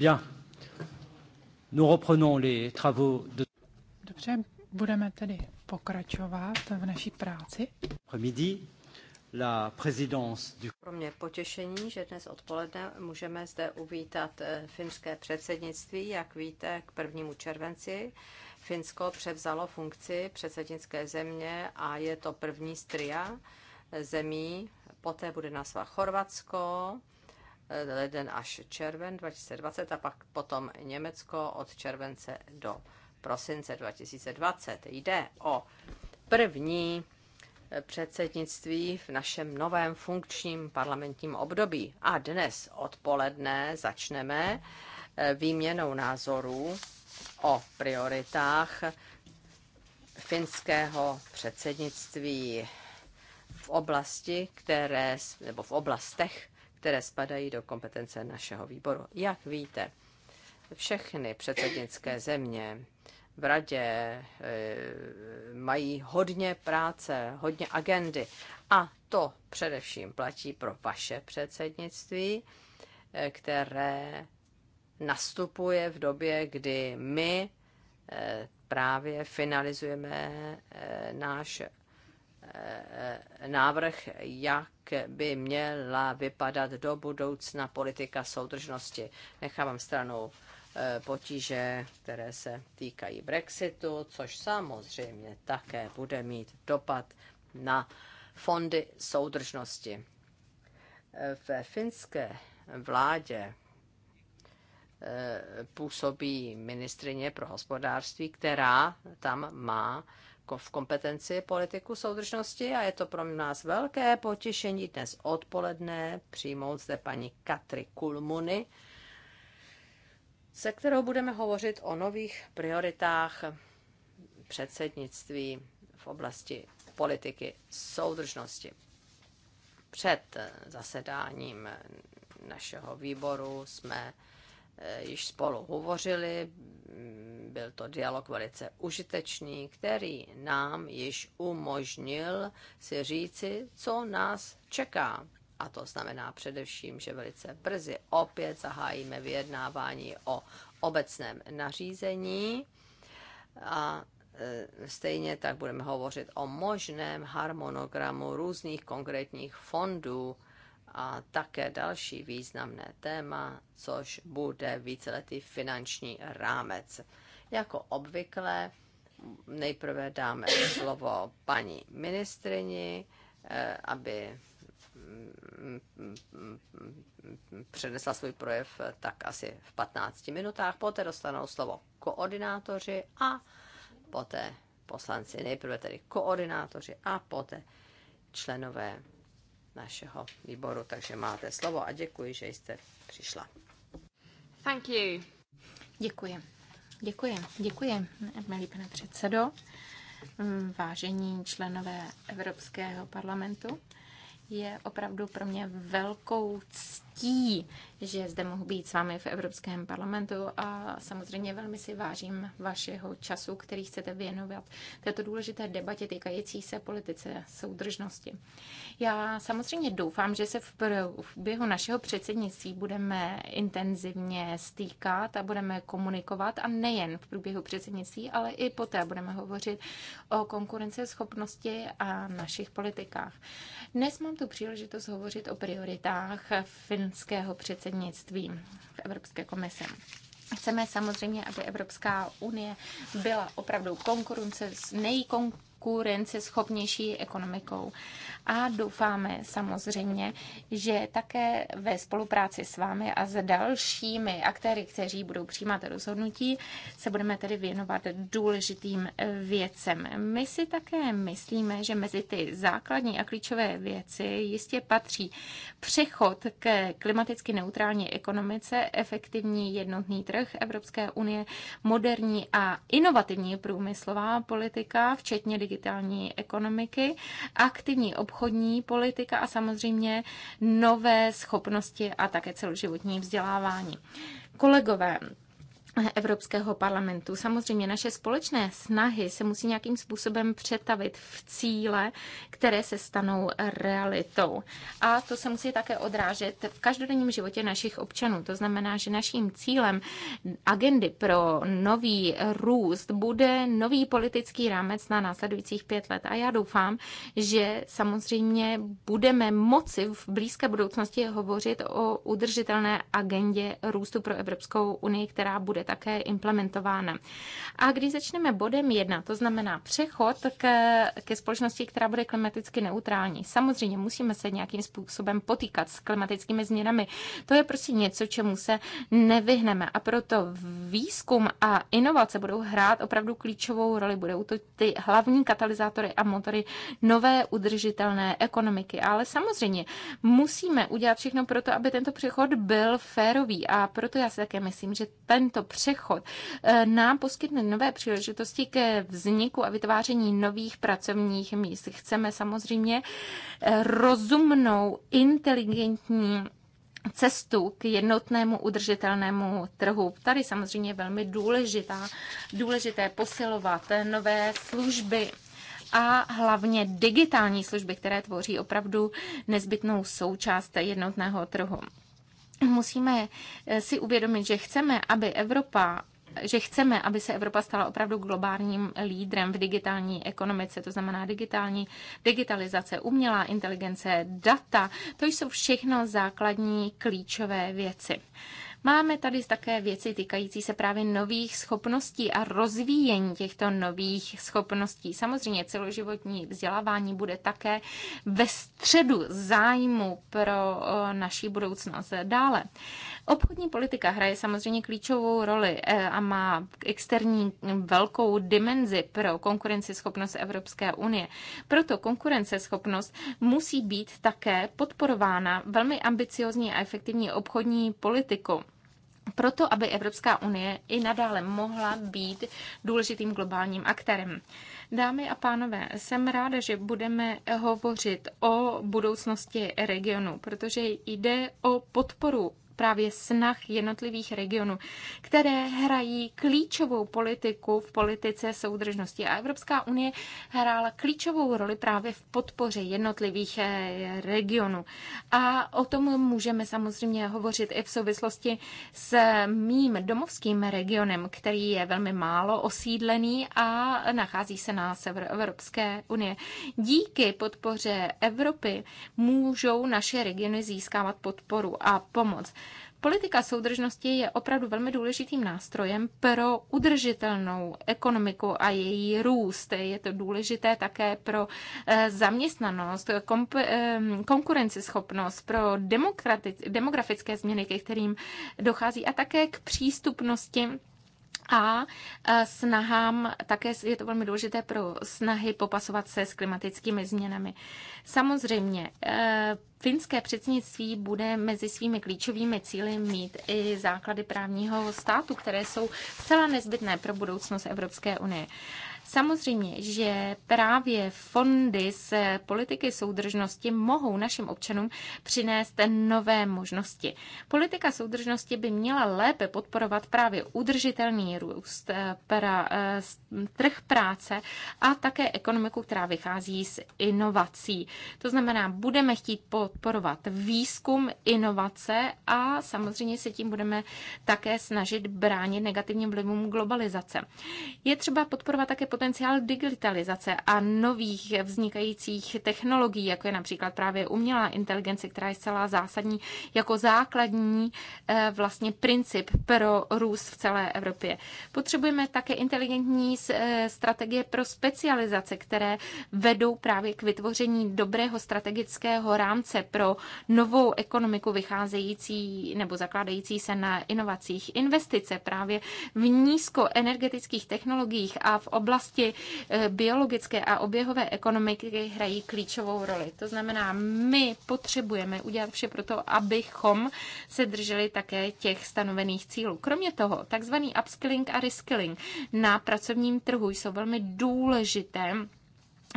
Bien. Nous reprenons les travaux de... Dobře, budeme tedy pokračovat v naší práci. Midi, la présidence du... Pro mě potěšení, že dnes odpoledne můžeme zde uvítat eh, finské předsednictví. Jak víte, k prvnímu červenci Finsko převzalo funkci předsednické země a je to první z tria eh, zemí. Poté bude následovat Chorvatsko, leden až červen 2020 a pak potom Německo od července do prosince 2020. Jde o první předsednictví v našem novém funkčním parlamentním období. A dnes odpoledne začneme eh, výměnou názorů o prioritách finského předsednictví v oblasti, které, nebo v oblastech, které spadají do kompetence našeho výboru. Jak víte, všechny předsednické země v radě e, mají hodně práce, hodně agendy. A to především platí pro vaše předsednictví, e, které nastupuje v době, kdy my e, právě finalizujeme náš návrh, jak by měla vypadat do budoucna politika soudržnosti. Nechávám stranou eh, potíže, které se týkají Brexitu, což samozřejmě také bude mít dopad na fondy soudržnosti. Eh, ve finské vládě eh, působí ministrině pro hospodářství, která tam má jako v kompetenci politiku soudržnosti a je to pro nás velké potěšení dnes odpoledne přijmout zde paní Katry Kulmuny, se kterou budeme hovořit o nových prioritách předsednictví v oblasti politiky soudržnosti. Před zasedáním našeho výboru jsme Eh, již spolu hovořili. Byl to dialog velice užitečný, který nám již umožnil si říci, co nás čeká. A to znamená především, že velice brzy opět zahájíme vyjednávání o obecném nařízení a eh, stejně tak budeme hovořit o možném harmonogramu různých konkrétních fondů, a také další významné téma, což bude víceletý finanční rámec. Jako obvykle nejprve dáme slovo paní ministrini, eh, aby mm, mm, přednesla svůj projev tak asi v 15 minutách, poté dostanou slovo koordinátoři a poté poslanci, nejprve tedy koordinátoři a poté členové našeho výboru, takže máte slovo a děkuji, že jste přišla. Thank you. Děkuji. Děkuji, děkuji, milý pane předsedo, vážení členové Evropského parlamentu je opravdu pro mě velkou ctí, že zde mohu být s vámi v Evropském parlamentu a samozřejmě velmi si vážím vašeho času, který chcete věnovat této důležité debatě týkající se politice soudržnosti. Já samozřejmě doufám, že se v běhu našeho předsednictví budeme intenzivně stýkat a budeme komunikovat a nejen v průběhu předsednictví, ale i poté budeme hovořit o konkurenceschopnosti a našich politikách. Dnes mám tu příležitost hovořit o prioritách finského předsednictví v Evropské komise. Chceme samozřejmě, aby Evropská unie byla opravdu konkurence s nejkonkurenceschopnější konkurenceschopnější ekonomikou. A doufáme samozřejmě, že také ve spolupráci s vámi a s dalšími aktéry, kteří budou přijímat rozhodnutí, se budeme tedy věnovat důležitým věcem. My si také myslíme, že mezi ty základní a klíčové věci jistě patří přechod k klimaticky neutrální ekonomice, efektivní jednotný trh Evropské unie, moderní a inovativní průmyslová politika, včetně digitální ekonomiky, aktivní obchodní politika a samozřejmě nové schopnosti a také celoživotní vzdělávání. Kolegové, Evropského parlamentu. Samozřejmě naše společné snahy se musí nějakým způsobem přetavit v cíle, které se stanou realitou. A to se musí také odrážet v každodenním životě našich občanů. To znamená, že naším cílem agendy pro nový růst bude nový politický rámec na následujících pět let. A já doufám, že samozřejmě budeme moci v blízké budoucnosti hovořit o udržitelné agendě růstu pro Evropskou unii, která bude bude také implementována. A když začneme bodem jedna, to znamená přechod ke, ke společnosti, která bude klimaticky neutrální. Samozřejmě musíme se nějakým způsobem potýkat s klimatickými změnami. To je prostě něco, čemu se nevyhneme. A proto výzkum a inovace budou hrát opravdu klíčovou roli. Budou to ty hlavní katalyzátory a motory nové udržitelné ekonomiky. Ale samozřejmě musíme udělat všechno pro to, aby tento přechod byl férový. A proto já si také myslím, že tento přechod e, nám poskytne nové příležitosti ke vzniku a vytváření nových pracovních míst. Chceme samozřejmě e, rozumnou, inteligentní cestu k jednotnému udržitelnému trhu. Tady samozřejmě je velmi důležitá, důležité posilovat nové služby a hlavně digitální služby, které tvoří opravdu nezbytnou součást jednotného trhu musíme eh, si uvědomit, že chceme, aby Evropa že chceme, aby se Evropa stala opravdu globálním lídrem v digitální ekonomice, to znamená digitální digitalizace, umělá inteligence, data, to jsou všechno základní klíčové věci. Máme tady také věci týkající se právě nových schopností a rozvíjení těchto nových schopností. Samozřejmě celoživotní vzdělávání bude také ve středu zájmu pro naší budoucnost dále. Obchodní politika hraje samozřejmě klíčovou roli e, a má externí velkou dimenzi pro konkurenceschopnost Evropské unie. Proto konkurenceschopnost musí být také podporována velmi ambiciozní a efektivní obchodní politikou proto, aby Evropská unie i nadále mohla být důležitým globálním aktérem. Dámy a pánové, jsem ráda, že budeme hovořit o budoucnosti regionu, protože jde o podporu právě snah jednotlivých regionů, které hrají klíčovou politiku v politice soudržnosti. A Evropská unie hrála klíčovou roli právě v podpoře jednotlivých eh, regionů. A o tom můžeme samozřejmě hovořit i v souvislosti s mým domovským regionem, který je velmi málo osídlený a nachází se na sever Evropské unie. Díky podpoře Evropy můžou naše regiony získávat podporu a pomoc. Politika soudržnosti je opravdu velmi důležitým nástrojem pro udržitelnou ekonomiku a její růst. Je to důležité také pro eh, zaměstnanost, eh, konkurenceschopnost, pro demografické změny, ke kterým dochází a také k přístupnosti a e, snahám, také je to velmi důležité pro snahy popasovat se s klimatickými změnami. Samozřejmě, e, finské předsednictví bude mezi svými klíčovými cíly mít i základy právního státu, které jsou zcela nezbytné pro budoucnost Evropské unie. Samozřejmě, že právě fondy z politiky soudržnosti mohou našim občanům přinést nové možnosti. Politika soudržnosti by měla lépe podporovat právě udržitelný růst, eh, pra, eh, trh práce a také ekonomiku, která vychází z inovací. To znamená, budeme chtít podporovat výzkum, inovace a samozřejmě se tím budeme také snažit bránit negativním vlivům globalizace. Je třeba podporovat také potenciál digitalizace a nových vznikajících technologií, jako je například právě umělá inteligence, která je zcela zásadní jako základní eh, vlastně princip pro růst v celé Evropě. Potřebujeme také inteligentní eh, strategie pro specializace, které vedou právě k vytvoření dobrého strategického rámce pro novou ekonomiku vycházející nebo zakládající se na inovacích. Investice právě v nízkoenergetických technologiích a v oblasti oblasti eh, biologické a oběhové ekonomiky hrají klíčovou roli. To znamená, my potřebujeme udělat vše pro to, abychom se drželi také těch stanovených cílů. Kromě toho, takzvaný upskilling a reskilling na pracovním trhu jsou velmi důležité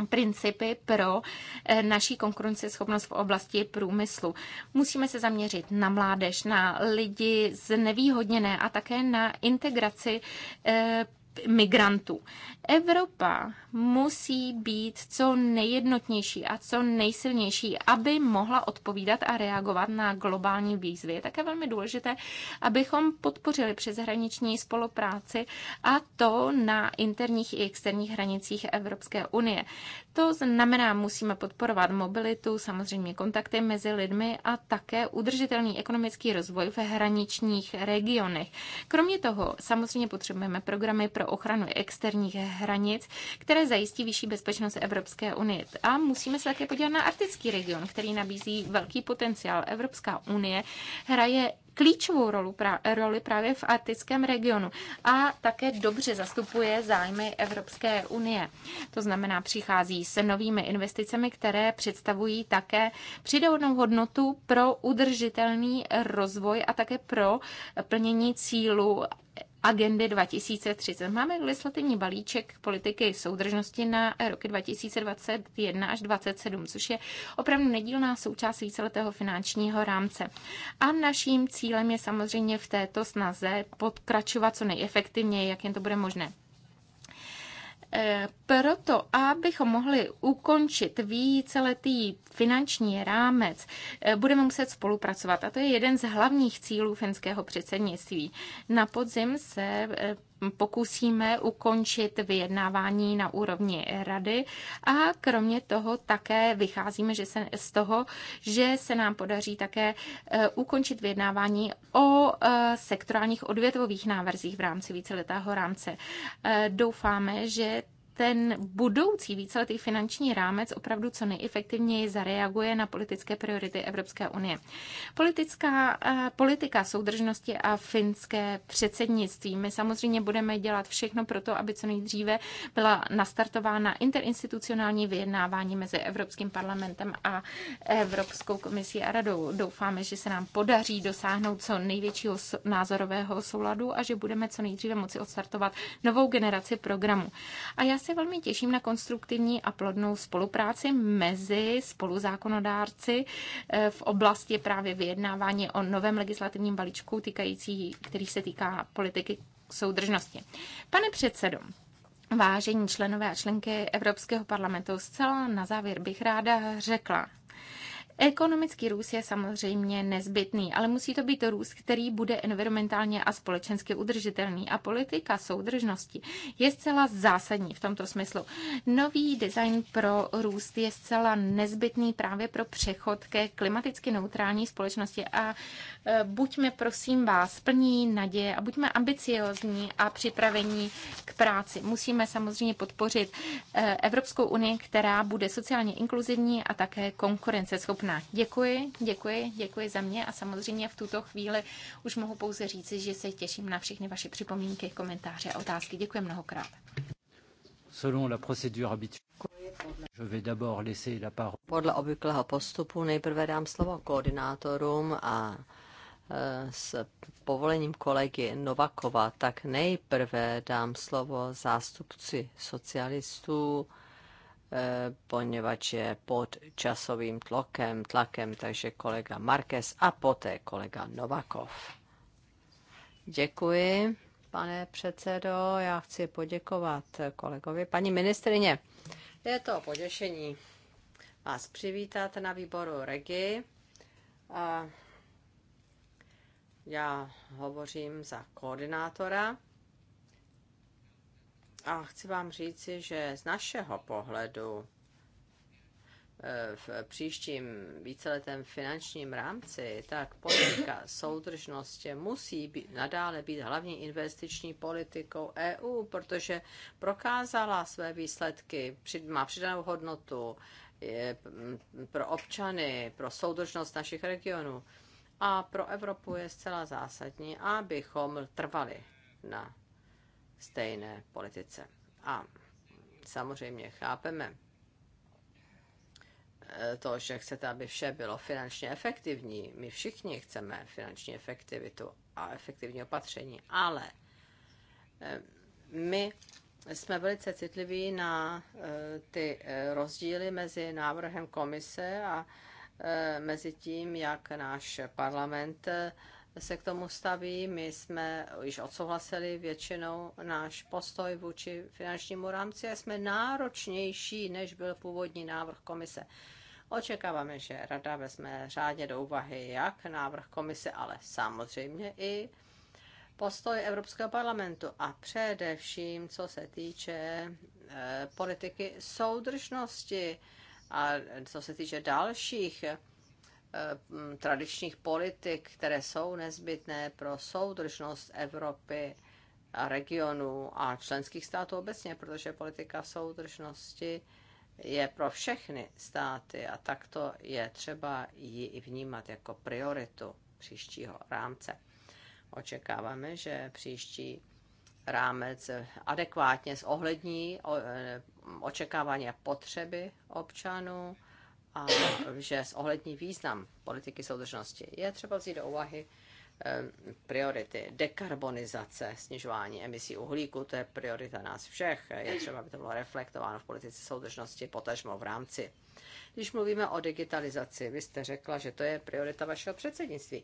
principy pro eh, naší konkurenceschopnost v oblasti průmyslu. Musíme se zaměřit na mládež, na lidi znevýhodněné a také na integraci eh, migrantů. Evropa musí být co nejjednotnější a co nejsilnější, aby mohla odpovídat a reagovat na globální výzvy. Je také velmi důležité, abychom podpořili přeshraniční spolupráci a to na interních i externích hranicích Evropské unie. To znamená, musíme podporovat mobilitu, samozřejmě kontakty mezi lidmi a také udržitelný ekonomický rozvoj ve hraničních regionech. Kromě toho samozřejmě potřebujeme programy pro pro ochranu externích hranic, které zajistí vyšší bezpečnost Evropské unie. A musíme se také podívat na arktický region, který nabízí velký potenciál. Evropská unie hraje klíčovou roli, pra, roli právě v arktickém regionu a také dobře zastupuje zájmy Evropské unie. To znamená, přichází se novými investicemi, které představují také přidanou hodnotu pro udržitelný rozvoj a také pro plnění cílu agendy 2030. Máme legislativní balíček politiky soudržnosti na roky 2021 až 2027, což je opravdu nedílná součást víceletého finančního rámce. A naším cílem je samozřejmě v této snaze podkračovat co nejefektivněji, jak jen to bude možné. Proto, abychom mohli ukončit víceletý finanční rámec, budeme muset spolupracovat. A to je jeden z hlavních cílů finského předsednictví. Na podzim se pokusíme ukončit vyjednávání na úrovni rady a kromě toho také vycházíme že se, z toho, že se nám podaří také eh, ukončit vyjednávání o eh, sektorálních odvětvových návrzích v rámci víceletého rámce. Eh, doufáme, že ten budoucí víceletý finanční rámec opravdu co nejefektivněji zareaguje na politické priority Evropské unie. Politická, eh, politika soudržnosti a finské předsednictví. My samozřejmě budeme dělat všechno pro to, aby co nejdříve byla nastartována interinstitucionální vyjednávání mezi Evropským parlamentem a Evropskou komisí a radou. Doufáme, že se nám podaří dosáhnout co největšího názorového souladu a že budeme co nejdříve moci odstartovat novou generaci programu. A já se velmi těším na konstruktivní a plodnou spolupráci mezi spoluzákonodárci eh, v oblasti právě vyjednávání o novém legislativním balíčku, týkající, který se týká politiky soudržnosti. Pane předsedo, Vážení členové a členky Evropského parlamentu, zcela na závěr bych ráda řekla, Ekonomický růst je samozřejmě nezbytný, ale musí to být růst, který bude environmentálně a společensky udržitelný. A politika soudržnosti je zcela zásadní v tomto smyslu. Nový design pro růst je zcela nezbytný právě pro přechod ke klimaticky neutrální společnosti. A e, buďme, prosím vás, plní naděje a buďme ambiciozní a připravení k práci. Musíme samozřejmě podpořit e, Evropskou unii, která bude sociálně inkluzivní a také konkurenceschopná srpna. Děkuji, děkuji, děkuji za mě a samozřejmě v tuto chvíli už mohu pouze říci, že se těším na všechny vaše připomínky, komentáře a otázky. Děkuji mnohokrát. Selon la procédure Podle obvyklého postupu nejprve dám slovo koordinátorům a e, s povolením kolegy Novakova, tak nejprve dám slovo zástupci socialistů Eh, poněvadž je pod časovým tlakem, tlakem, takže kolega Marquez a poté kolega Novakov. Děkuji, pane předsedo. Já chci poděkovat kolegovi. Paní ministrině, je to poděšení vás přivítat na výboru Regi. A já hovořím za koordinátora a chci vám říci, že z našeho pohledu e, v příštím víceletém finančním rámci, tak politika soudržnosti musí být, nadále být hlavní investiční politikou EU, protože prokázala své výsledky, má přidanou hodnotu pro občany, pro soudržnost našich regionů. A pro Evropu je zcela zásadní, abychom trvali na stejné politice. A samozřejmě chápeme eh, to, že chcete, aby vše bylo finančně efektivní. My všichni chceme finanční efektivitu a efektivní opatření, ale eh, my jsme velice citliví na eh, ty rozdíly mezi návrhem komise a mezi tím, jak náš parlament se k tomu staví. My jsme již odsouhlasili většinou náš postoj vůči finančnímu rámci a jsme náročnější, než byl původní návrh komise. Očekáváme, že rada vezme řádně do úvahy jak návrh komise, ale samozřejmě i postoj Evropského parlamentu a především, co se týče eh, politiky soudržnosti a co se týče dalších Eh, tradičních politik, které jsou nezbytné pro soudržnost Evropy a regionu a členských států obecně, protože politika soudržnosti je pro všechny státy a takto je třeba ji i vnímat jako prioritu příštího rámce. Očekáváme, že příští rámec adekvátně zohlední eh, očekávání a potřeby občanů a že ohlední význam politiky soudržnosti. Je třeba vzít do úvahy priority. Dekarbonizace, snižování emisí uhlíku, to je priorita nás všech. Je třeba, aby to bylo reflektováno v politice soudržnosti, potažmo v rámci. Když mluvíme o digitalizaci, vy jste řekla, že to je priorita vašeho předsednictví.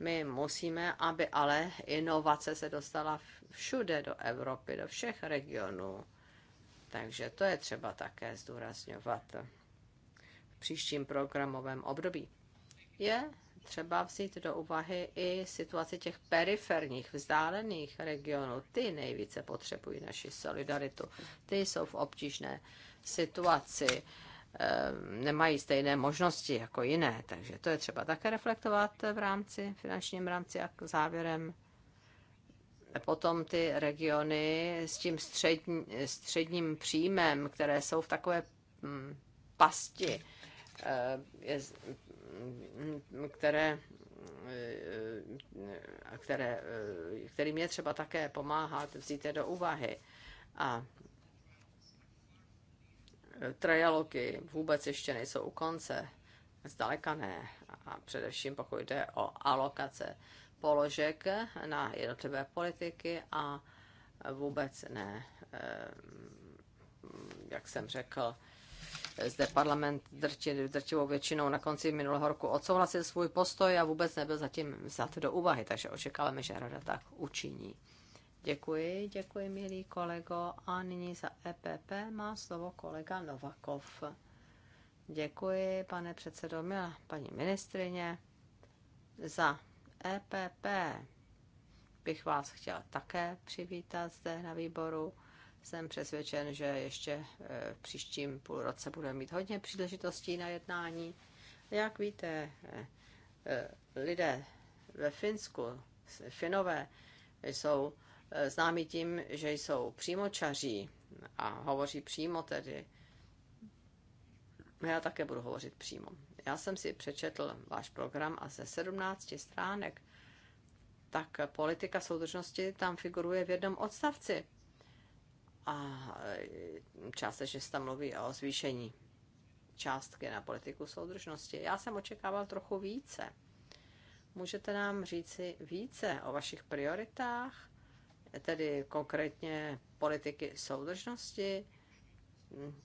My musíme, aby ale inovace se dostala všude do Evropy, do všech regionů. Takže to je třeba také zdůrazňovat příštím programovém období. Je třeba vzít do úvahy i situaci těch periferních, vzdálených regionů. Ty nejvíce potřebují naši solidaritu. Ty jsou v obtížné situaci, eh, nemají stejné možnosti jako jiné, takže to je třeba také reflektovat v rámci, finančním rámci a závěrem potom ty regiony s tím střední, středním příjmem, které jsou v takové mm, pasti, Eh, které, eh, které, eh, kterým je třeba také pomáhat, vzít je do úvahy. A trialogy vůbec ještě nejsou u konce, zdaleka ne. A především pokud jde o alokace položek na jednotlivé politiky a vůbec ne, jak jsem řekl, zde parlament drtivou většinou na konci minulého roku odsouhlasil svůj postoj a vůbec nebyl zatím vzat do úvahy, takže očekáváme, že rada tak učiní. Děkuji, děkuji, milý kolego. A nyní za EPP má slovo kolega Novakov. Děkuji, pane předsedo, milá paní ministrině. Za EPP bych vás chtěla také přivítat zde na výboru jsem přesvědčen, že ještě eh, v příštím půlroce budeme mít hodně příležitostí na jednání. Jak víte, eh, eh, lidé ve Finsku, Finové, jsou známí tím, že jsou přímočaří a hovoří přímo tedy. Já také budu hovořit přímo. Já jsem si přečetl váš program a ze 17 stránek tak politika soudržnosti tam figuruje v jednom odstavci a e, částečně se tam mluví o zvýšení částky na politiku soudržnosti. Já jsem očekával trochu více. Můžete nám říci více o vašich prioritách, tedy konkrétně politiky soudržnosti?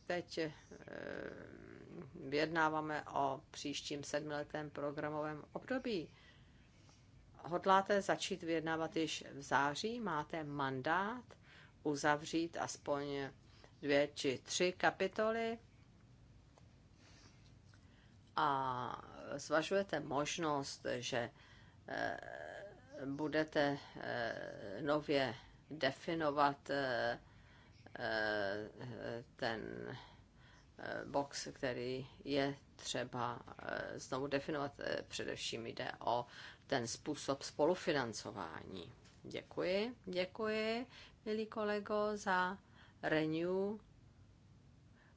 Teď e, vyjednáváme o příštím sedmiletém programovém období. Hodláte začít vyjednávat již v září? Máte mandát? uzavřít aspoň dvě či tři kapitoly a zvažujete možnost, že eh, budete eh, nově definovat eh, ten box, který je třeba znovu definovat. Především jde o ten způsob spolufinancování. Děkuji, děkuji milý kolego, za Renew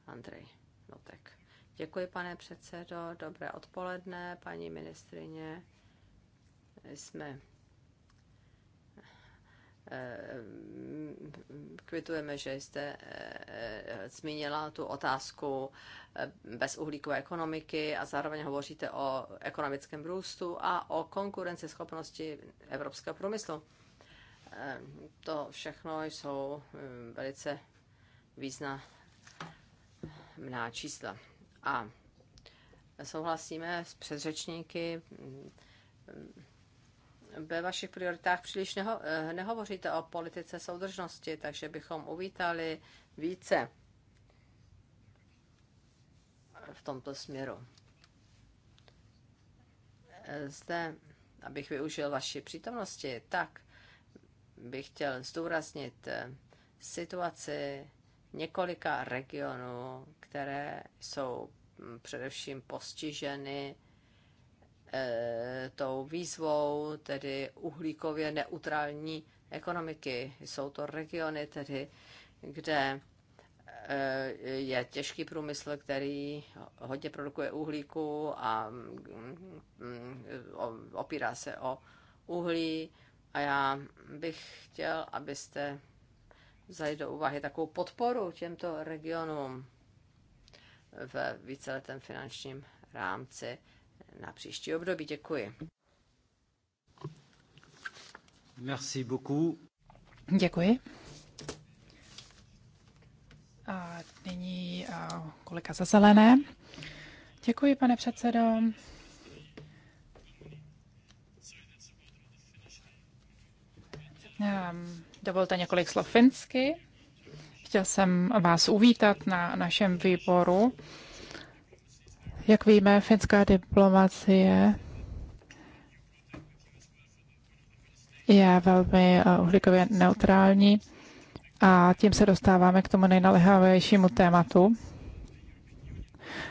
Andrej Notek. Děkuji, pane předsedo. Dobré odpoledne, paní ministrině. Jsme eh, kvitujeme, že jste eh, zmínila tu otázku eh, bezuhlíkové ekonomiky a zároveň hovoříte o ekonomickém růstu a o konkurenceschopnosti evropského průmyslu to všechno jsou eh, velice významná čísla. A souhlasíme s předřečníky, mm, ve vašich prioritách příliš neho, eh, nehovoříte o politice soudržnosti, takže bychom uvítali více v tomto směru. Eh, zde, abych využil vaší přítomnosti, tak bych chtěl zdůraznit eh, situaci několika regionů, které jsou mm, především postiženy eh, tou výzvou, tedy uhlíkově neutrální ekonomiky. Jsou to regiony, tedy, kde eh, je těžký průmysl, který hodně produkuje uhlíku a mm, mm, opírá se o uhlí a já bych chtěl, abyste vzali do úvahy takovou podporu těmto regionům v víceletém finančním rámci na příští období. Děkuji. Merci beaucoup. Děkuji. A nyní kolega za zelené. Děkuji, pane předsedo. Ehm, dovolte několik slov finsky. Chtěl jsem vás uvítat na našem výboru. Jak víme, finská diplomacie je velmi eh, uhlíkově neutrální a tím se dostáváme k tomu nejnalehavějšímu tématu,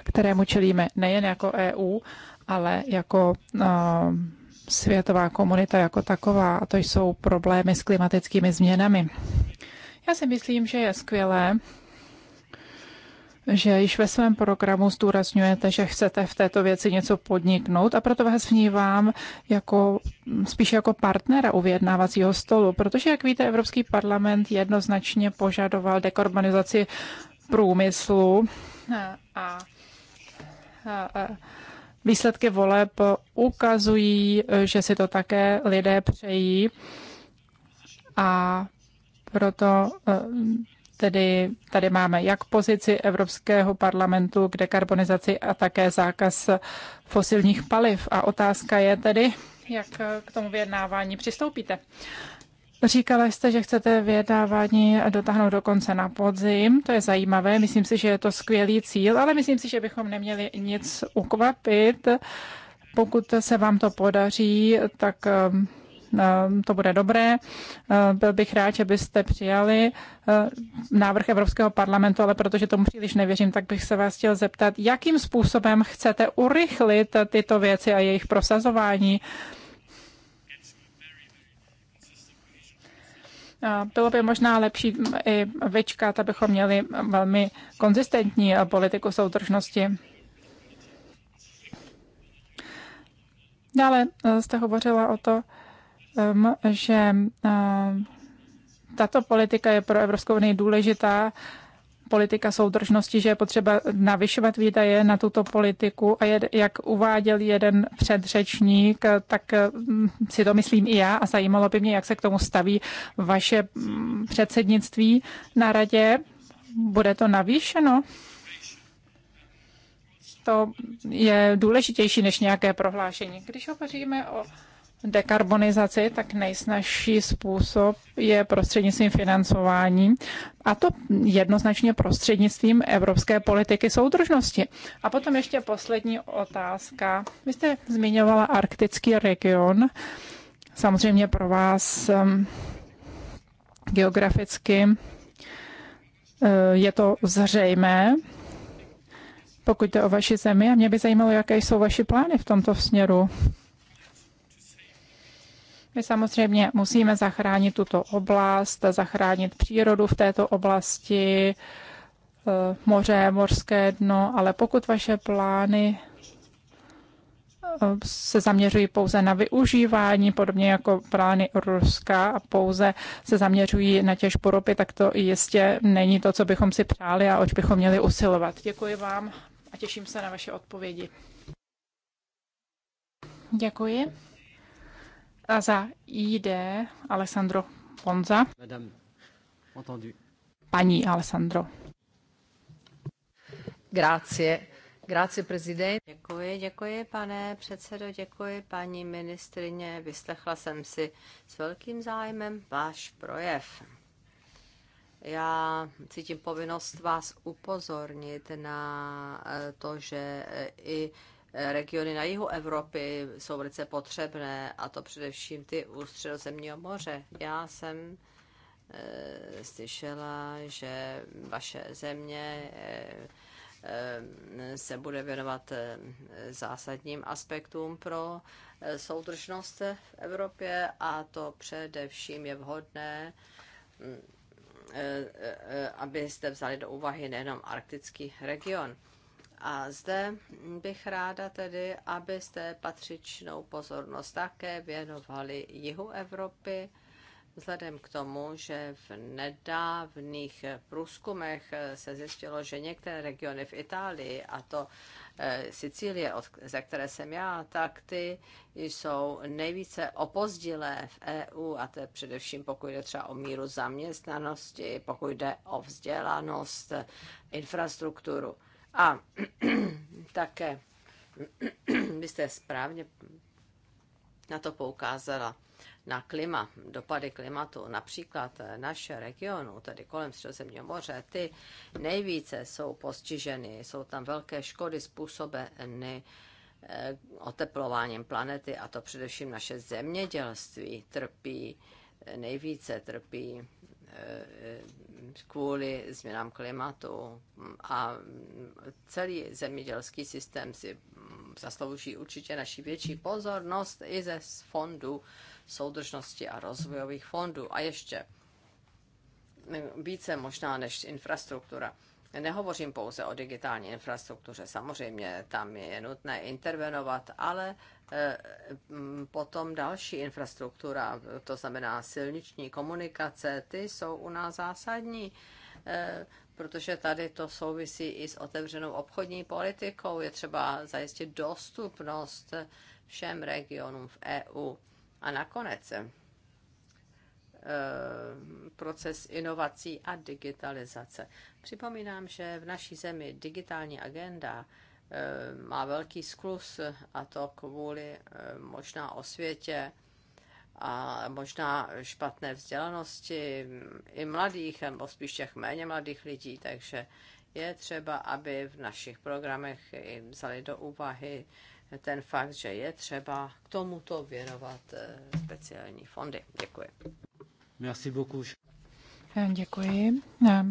kterému čelíme nejen jako EU, ale jako uh, světová komunita jako taková, a to jsou problémy s klimatickými změnami. Já si myslím, že je skvělé, že již ve svém programu zdůrazňujete, že chcete v této věci něco podniknout a proto vás vnívám jako, spíš jako partnera u vyjednávacího stolu, protože, jak víte, Evropský parlament jednoznačně požadoval dekarbonizaci průmyslu a, a, a, a Výsledky voleb ukazují, že si to také lidé přejí a proto eh, Tedy tady máme jak pozici Evropského parlamentu k dekarbonizaci a také zákaz fosilních paliv. A otázka je tedy, jak k tomu vyjednávání přistoupíte. Říkala jste, že chcete vyjednávání dotáhnout do konce na podzim. To je zajímavé. Myslím si, že je to skvělý cíl, ale myslím si, že bychom neměli nic ukvapit. Pokud se vám to podaří, tak ehm, ehm, to bude dobré. Ehm, byl bych rád, že byste přijali návrh Evropského parlamentu, ale protože tomu příliš nevěřím, tak bych se vás chtěl zeptat, jakým způsobem chcete urychlit tyto věci a jejich prosazování Bylo by možná lepší i vyčkat, abychom měli velmi konzistentní eh, politiku soudržnosti. Dále eh, jste hovořila o to, že eh, tato politika je pro Evropskou unii důležitá politika soudržnosti, že je potřeba navyšovat výdaje na tuto politiku a je, jak uváděl jeden předřečník, tak mm, si to myslím i já a zajímalo by mě, jak se k tomu staví vaše mm, předsednictví na radě. Bude to navýšeno? To je důležitější než nějaké prohlášení. Když hovoříme o dekarbonizaci, tak nejsnažší způsob je prostřednictvím financování a to jednoznačně prostřednictvím evropské politiky soudržnosti. A potom ještě poslední otázka. Vy jste zmiňovala arktický region. Samozřejmě pro vás um, geograficky uh, je to zřejmé, pokud jde o vaši zemi. A mě by zajímalo, jaké jsou vaše plány v tomto směru. My samozřejmě musíme zachránit tuto oblast, zachránit přírodu v této oblasti, eh, moře, mořské dno, ale pokud vaše plány eh, se zaměřují pouze na využívání, podobně jako plány Ruska a pouze se zaměřují na těžbu ropy, tak to jistě není to, co bychom si přáli a oč bychom měli usilovat. Děkuji vám a těším se na vaše odpovědi. Děkuji. A za ID Alessandro Ponza. Madame, entendu. Paní Alessandro. Grazie. Grazie, prezident. Děkuji, děkuji, pane předsedo, děkuji, paní ministrině. Vyslechla jsem si s velkým zájmem váš projev. Já cítím povinnost vás upozornit na eh, to, že eh, i regiony na jihu Evropy jsou velice potřebné, a to především ty u středozemního moře. Já jsem e, slyšela, že vaše země eh, eh, se bude věnovat zásadním aspektům pro soudržnost v Evropě a to především je vhodné mm, abyste vzali do úvahy nejenom arktický region. A zde bych ráda tedy, abyste patřičnou pozornost také věnovali jihu Evropy, vzhledem k tomu, že v nedávných průzkumech se zjistilo, že některé regiony v Itálii, a to eh, Sicílie, ze které jsem já, tak ty jsou nejvíce opozdilé v EU, a to je především pokud jde třeba o míru zaměstnanosti, pokud jde o vzdělanost, infrastrukturu. A také vy jste správně na to poukázala, na klima, dopady klimatu, například naše regionu, tedy kolem Středozemního moře, ty nejvíce jsou postiženy, jsou tam velké škody způsobeny eh, oteplováním planety a to především naše zemědělství trpí, eh, nejvíce trpí kvůli změnám klimatu a celý zemědělský systém si zaslouží určitě naši větší pozornost i ze fondů soudržnosti a rozvojových fondů a ještě více možná než infrastruktura. Nehovořím pouze o digitální infrastruktuře, samozřejmě tam je nutné intervenovat, ale e, potom další infrastruktura, to znamená silniční komunikace, ty jsou u nás zásadní, e, protože tady to souvisí i s otevřenou obchodní politikou. Je třeba zajistit dostupnost všem regionům v EU. A nakonec Eh, proces inovací a digitalizace. Připomínám, že v naší zemi digitální agenda eh, má velký sklus a to kvůli eh, možná osvětě a možná špatné vzdělanosti i mladých, nebo spíš těch méně mladých lidí, takže je třeba, aby v našich programech vzali do úvahy ten fakt, že je třeba k tomuto věnovat speciální fondy. Děkuji. Merci beaucoup. Děkuji eh,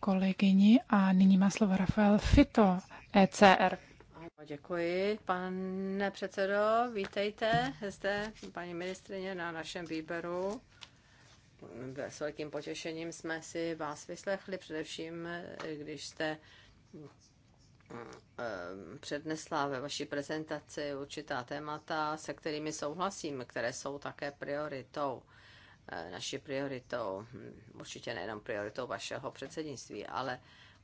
kolegyni a nyní má slovo Rafael Fito, ECR. Děkuji, pane předsedo. Vítejte zde, paní ministrině, na našem výběru. S velkým potěšením jsme si vás vyslechli, především eh, když jste eh, přednesla ve vaší prezentaci určitá témata, se kterými souhlasím, které jsou také prioritou. Eh, naší prioritou, hm, určitě nejenom prioritou vašeho předsednictví, ale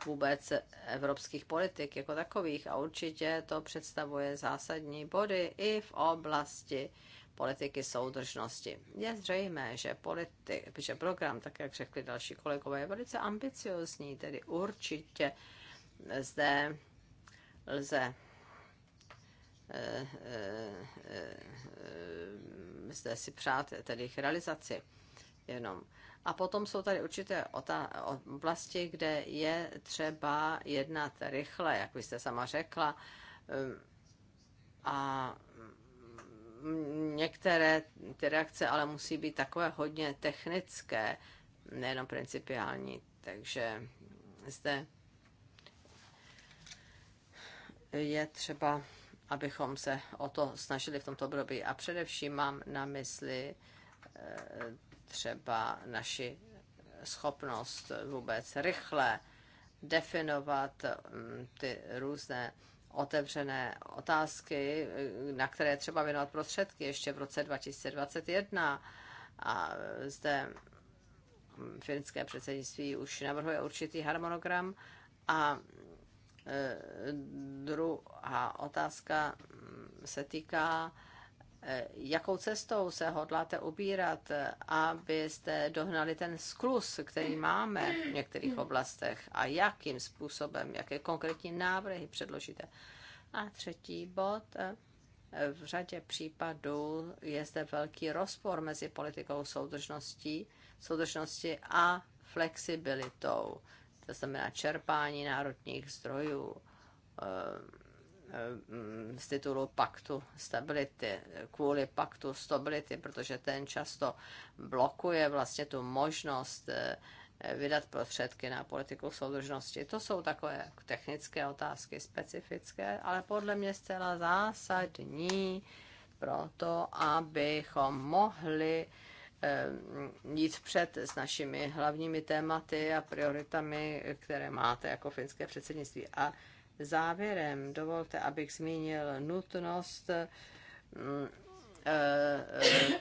vůbec evropských politik jako takových a určitě to představuje zásadní body i v oblasti politiky soudržnosti. Je zřejmé, že, politik, že program, tak jak řekli další kolegové, je velice ambiciozní, tedy určitě zde lze eh, eh, zde si přát tedy jejich realizaci jenom. A potom jsou tady určité oblasti, kde je třeba jednat rychle, jak byste sama řekla. A některé ty reakce ale musí být takové hodně technické, nejenom principiální. Takže zde je třeba abychom se o to snažili v tomto období. A především mám na mysli eh, třeba naši schopnost vůbec rychle definovat mm, ty různé otevřené otázky, eh, na které třeba věnovat prostředky ještě v roce 2021. A zde mm, finské předsednictví už navrhuje určitý harmonogram a Eh, druhá otázka mm, se týká, eh, jakou cestou se hodláte ubírat, abyste dohnali ten sklus, který máme v některých oblastech a jakým způsobem, jaké konkrétní návrhy předložíte. A třetí bod. Eh, v řadě případů je zde velký rozpor mezi politikou soudržnosti, soudržnosti a flexibilitou to znamená čerpání národních zdrojů eh, eh, z titulu paktu stability, kvůli paktu stability, protože ten často blokuje vlastně tu možnost eh, vydat prostředky na politiku soudržnosti. To jsou takové technické otázky, specifické, ale podle mě zcela zásadní pro to, abychom mohli uh, Eh, jít před s našimi hlavními tématy a prioritami, které máte jako finské předsednictví. A závěrem dovolte, abych zmínil nutnost mm, eh,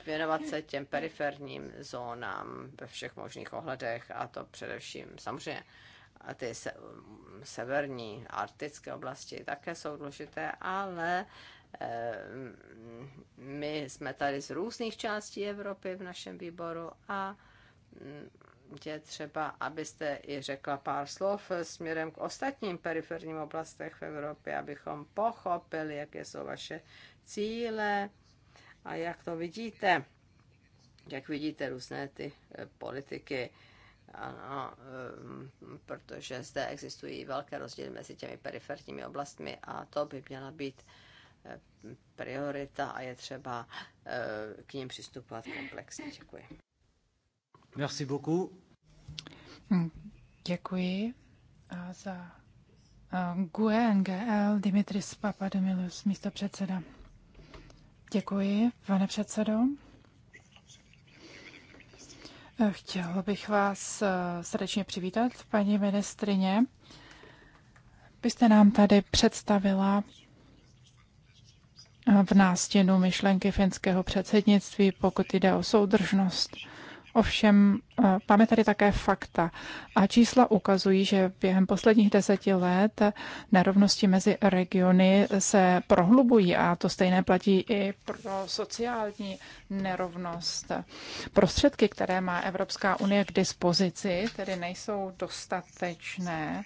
věnovat se těm periferním zónám ve všech možných ohledech, a to především samozřejmě a ty severní arktické oblasti také jsou důležité, ale Ehm, my jsme tady z různých částí Evropy v našem výboru a mm, je třeba, abyste i řekla pár slov směrem k ostatním periferním oblastech v Evropě, abychom pochopili, jaké jsou vaše cíle a jak to vidíte. Jak vidíte různé ty eh, politiky, ano, ehm, protože zde existují velké rozdíly mezi těmi periferními oblastmi a to by měla být priorita a je třeba eh, k ním přistupovat komplexně. Děkuji. Merci beaucoup. Hm, děkuji a za eh, GUE NGL Dimitris Papadomilus, místo předseda. Děkuji, pane předsedo. Eh, chtěl bych vás srdečně přivítat, paní ministrině. Byste nám tady představila v nástěnu myšlenky finského předsednictví, pokud jde o soudržnost. Ovšem, eh, máme tady také fakta a čísla ukazují, že během posledních deseti let nerovnosti mezi regiony se prohlubují a to stejné platí i pro sociální nerovnost. Prostředky, které má Evropská unie k dispozici, tedy nejsou dostatečné,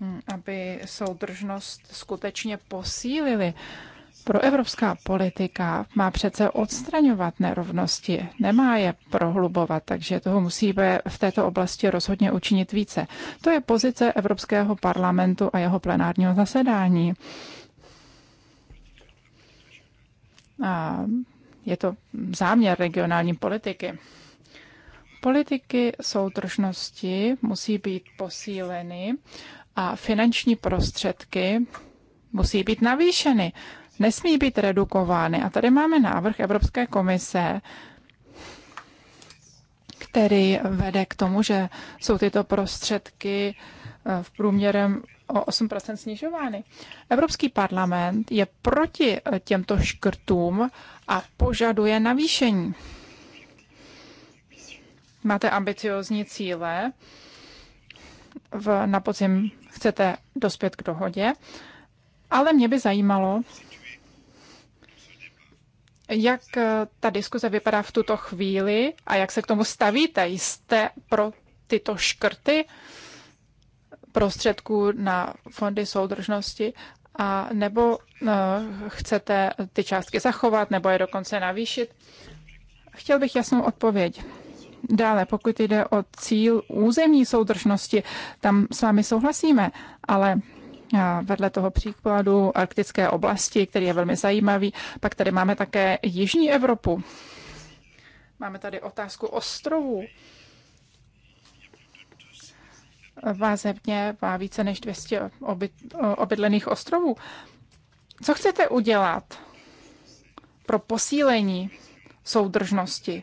hm, aby soudržnost skutečně posílili. Proevropská politika má přece odstraňovat nerovnosti, nemá je prohlubovat, takže toho musíme v této oblasti rozhodně učinit více. To je pozice Evropského parlamentu a jeho plenárního zasedání. A je to záměr regionální politiky. Politiky soudržnosti musí být posíleny a finanční prostředky musí být navýšeny nesmí být redukovány. A tady máme návrh Evropské komise, který vede k tomu, že jsou tyto prostředky eh, v průměrem o 8% snižovány. Evropský parlament je proti eh, těmto škrtům a požaduje navýšení. Máte ambiciozní cíle, v, na podzim chcete dospět k dohodě, ale mě by zajímalo, jak eh, ta diskuze vypadá v tuto chvíli a jak se k tomu stavíte? Jste pro tyto škrty prostředků na fondy soudržnosti a nebo eh, chcete ty částky zachovat nebo je dokonce navýšit? Chtěl bych jasnou odpověď. Dále, pokud jde o cíl územní soudržnosti, tam s vámi souhlasíme, ale Eh, vedle toho příkladu arktické oblasti, který je velmi zajímavý. Pak tady máme také Jižní Evropu. Máme tady otázku ostrovů. Vázebně má více než 200 obyt, eh, obydlených ostrovů. Co chcete udělat pro posílení soudržnosti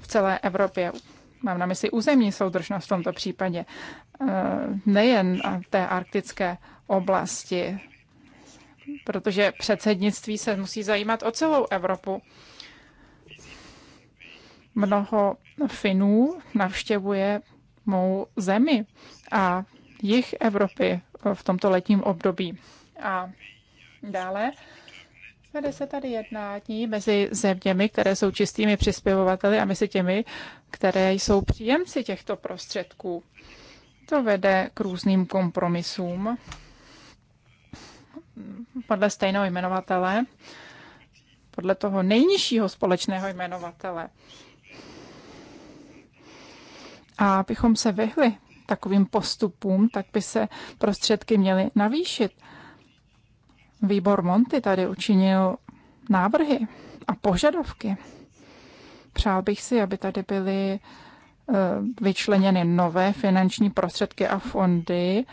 v celé Evropě? Mám na mysli územní soudržnost v tomto případě. Eh, nejen té arktické oblasti, protože předsednictví se musí zajímat o celou Evropu. Mnoho Finů navštěvuje mou zemi a jich Evropy v tomto letním období. A dále vede se tady jednání mezi zeměmi, které jsou čistými přispěvovateli a mezi těmi, které jsou příjemci těchto prostředků. To vede k různým kompromisům podle stejného jmenovatele, podle toho nejnižšího společného jmenovatele. A abychom se vyhli takovým postupům, tak by se prostředky měly navýšit. Výbor Monty tady učinil návrhy a požadavky. Přál bych si, aby tady byly Eh, vyčleněny nové finanční prostředky a fondy,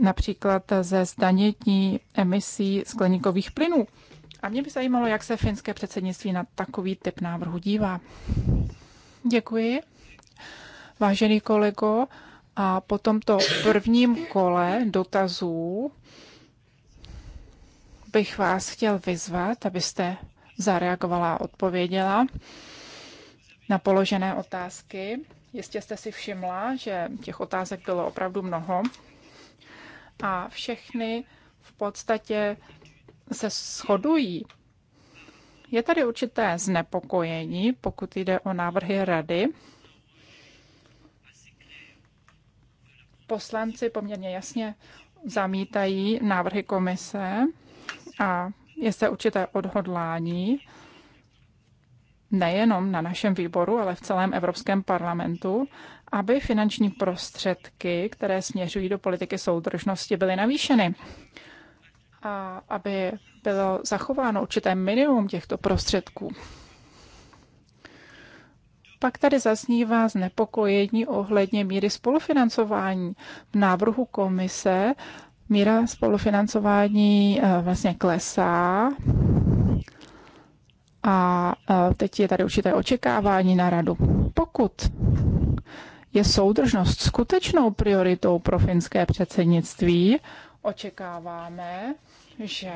například ze zdanění emisí skleníkových plynů. A mě by zajímalo, jak se finské předsednictví na takový typ návrhu dívá. Děkuji. Vážený kolego, a po tomto prvním kole dotazů bych vás chtěl vyzvat, abyste zareagovala a odpověděla na položené otázky. Jistě jste si všimla, že těch otázek bylo opravdu mnoho a všechny v podstatě se shodují. Je tady určité znepokojení, pokud jde o návrhy rady. Poslanci poměrně jasně zamítají návrhy komise a je se určité odhodlání nejenom na našem výboru, ale v celém Evropském parlamentu, aby finanční prostředky, které směřují do politiky soudržnosti, byly navýšeny. A aby bylo zachováno určité minimum těchto prostředků. Pak tady zaznívá znepokojení ohledně míry spolufinancování. V návrhu komise míra spolufinancování eh, vlastně klesá a e, teď je tady určité očekávání na radu. Pokud je soudržnost skutečnou prioritou pro finské předsednictví, očekáváme, že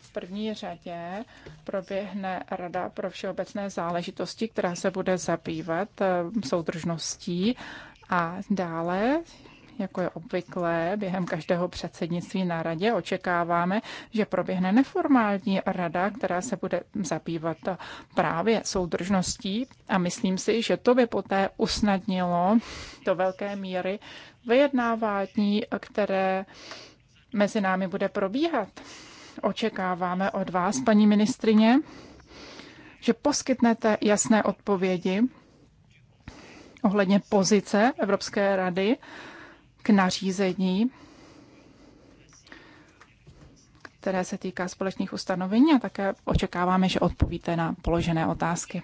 v první řadě proběhne Rada pro všeobecné záležitosti, která se bude zabývat e, soudržností. A dále jako je obvyklé, během každého předsednictví na radě očekáváme, že proběhne neformální rada, která se bude zabývat právě soudržností a myslím si, že to by poté usnadnilo do velké míry vyjednávání, které mezi námi bude probíhat. Očekáváme od vás, paní ministrině, že poskytnete jasné odpovědi ohledně pozice Evropské rady k nařízení, které se týká společných ustanovení a také očekáváme, že odpovíte na položené otázky.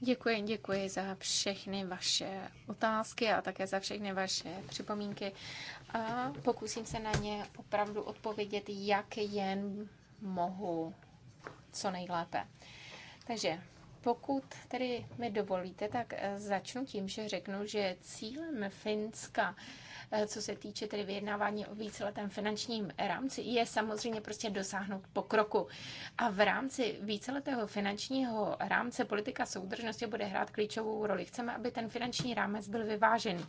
Děkuji, děkuji za všechny vaše otázky a také za všechny vaše připomínky. A pokusím se na ně opravdu odpovědět, jak jen mohu, co nejlépe. Takže pokud tedy mi dovolíte, tak eh, začnu tím, že řeknu, že cílem Finska eh, co se týče tedy vyjednávání o víceletém finančním rámci, je samozřejmě prostě dosáhnout pokroku. A v rámci víceletého finančního rámce politika soudržnosti bude hrát klíčovou roli. Chceme, aby ten finanční rámec byl vyvážený.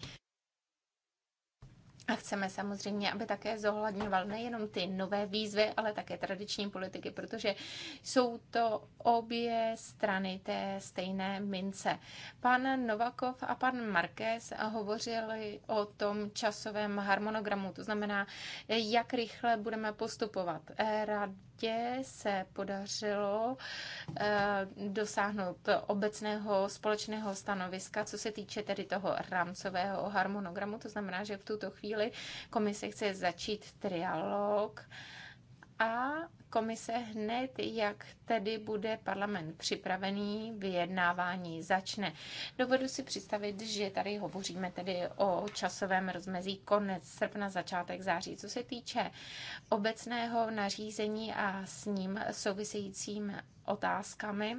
A chceme samozřejmě, aby také zohledňoval nejenom ty nové výzvy, ale také tradiční politiky, protože jsou to obě strany té stejné mince. Pan Novakov a pan Marquez hovořili o tom časovém harmonogramu, to znamená, jak rychle budeme postupovat. Eh, Rád létě se podařilo eh, dosáhnout obecného společného stanoviska, co se týče tedy toho rámcového harmonogramu. To znamená, že v tuto chvíli komise chce začít trialog a komise hned, jak tedy bude parlament připravený, vyjednávání začne. Dovedu si představit, že tady hovoříme tedy o časovém rozmezí konec srpna, začátek září. Co se týče obecného nařízení a s ním souvisejícím otázkami,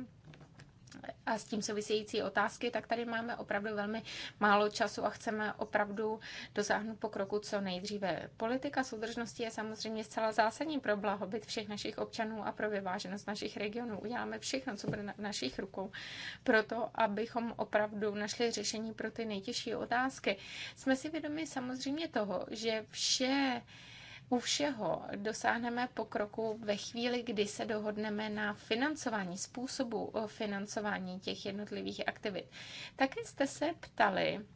a s tím související otázky, tak tady máme opravdu velmi málo času a chceme opravdu dosáhnout pokroku co nejdříve. Politika soudržnosti je samozřejmě zcela zásadní pro blahobyt všech našich občanů a pro vyváženost našich regionů. Uděláme všechno, co bude na našich rukou, proto abychom opravdu našli řešení pro ty nejtěžší otázky. Jsme si vědomi samozřejmě toho, že vše u všeho dosáhneme pokroku ve chvíli, kdy se dohodneme na financování, způsobu eh, financování těch jednotlivých aktivit. Také jste se ptali,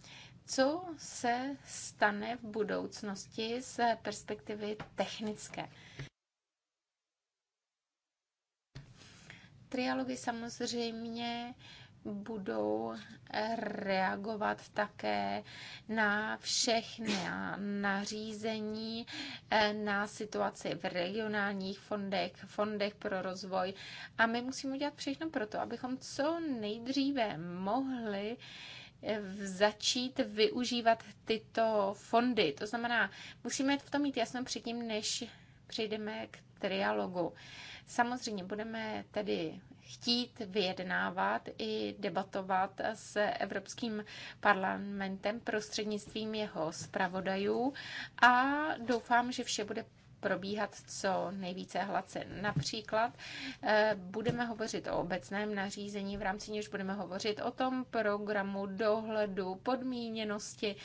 co se stane v budoucnosti z perspektivy technické. Trialogy samozřejmě budou reagovat také na všechny nařízení, eh, na situaci v regionálních fondech, fondech pro rozvoj. A my musíme udělat všechno pro to, abychom co nejdříve mohli eh, začít využívat tyto fondy. To znamená, musíme v tom mít jasno předtím, než přejdeme k trialogu. Samozřejmě budeme tedy chtít vyjednávat i debatovat s Evropským parlamentem prostřednictvím jeho zpravodajů a doufám, že vše bude probíhat co nejvíce hladce. Například eh, budeme hovořit o obecném nařízení, v rámci něž budeme hovořit o tom programu dohledu, podmíněnosti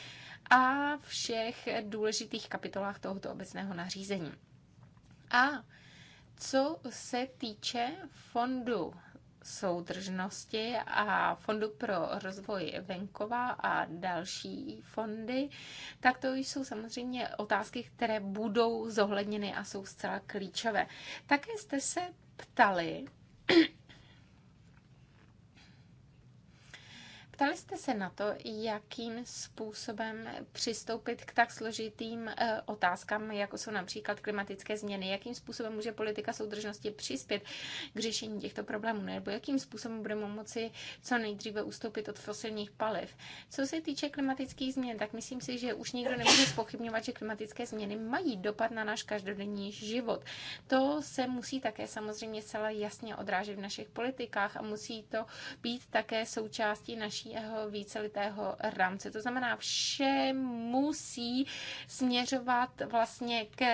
a všech důležitých kapitolách tohoto obecného nařízení. A co se týče fondu soudržnosti a Fondu pro rozvoj venkova a další fondy, tak to jsou samozřejmě otázky, které budou zohledněny a jsou zcela klíčové. Také jste se ptali Ptali jste se na to, jakým způsobem přistoupit k tak složitým eh, otázkám, jako jsou například klimatické změny, jakým způsobem může politika soudržnosti přispět k řešení těchto problémů, nebo jakým způsobem budeme moci co nejdříve ustoupit od fosilních paliv. Co se týče klimatických změn, tak myslím si, že už nikdo nemůže spochybňovat, že klimatické změny mají dopad na náš každodenní život. To se musí také samozřejmě celé jasně odrážet v našich politikách a musí to být také součástí naší příštího vícelitého rámce. To znamená, vše musí směřovat vlastně k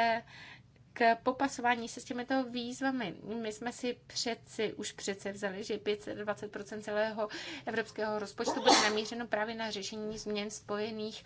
k popasování se s těmito výzvami. My jsme si přeci, už přece vzali, že 520% celého evropského rozpočtu bude namířeno právě na řešení změn spojených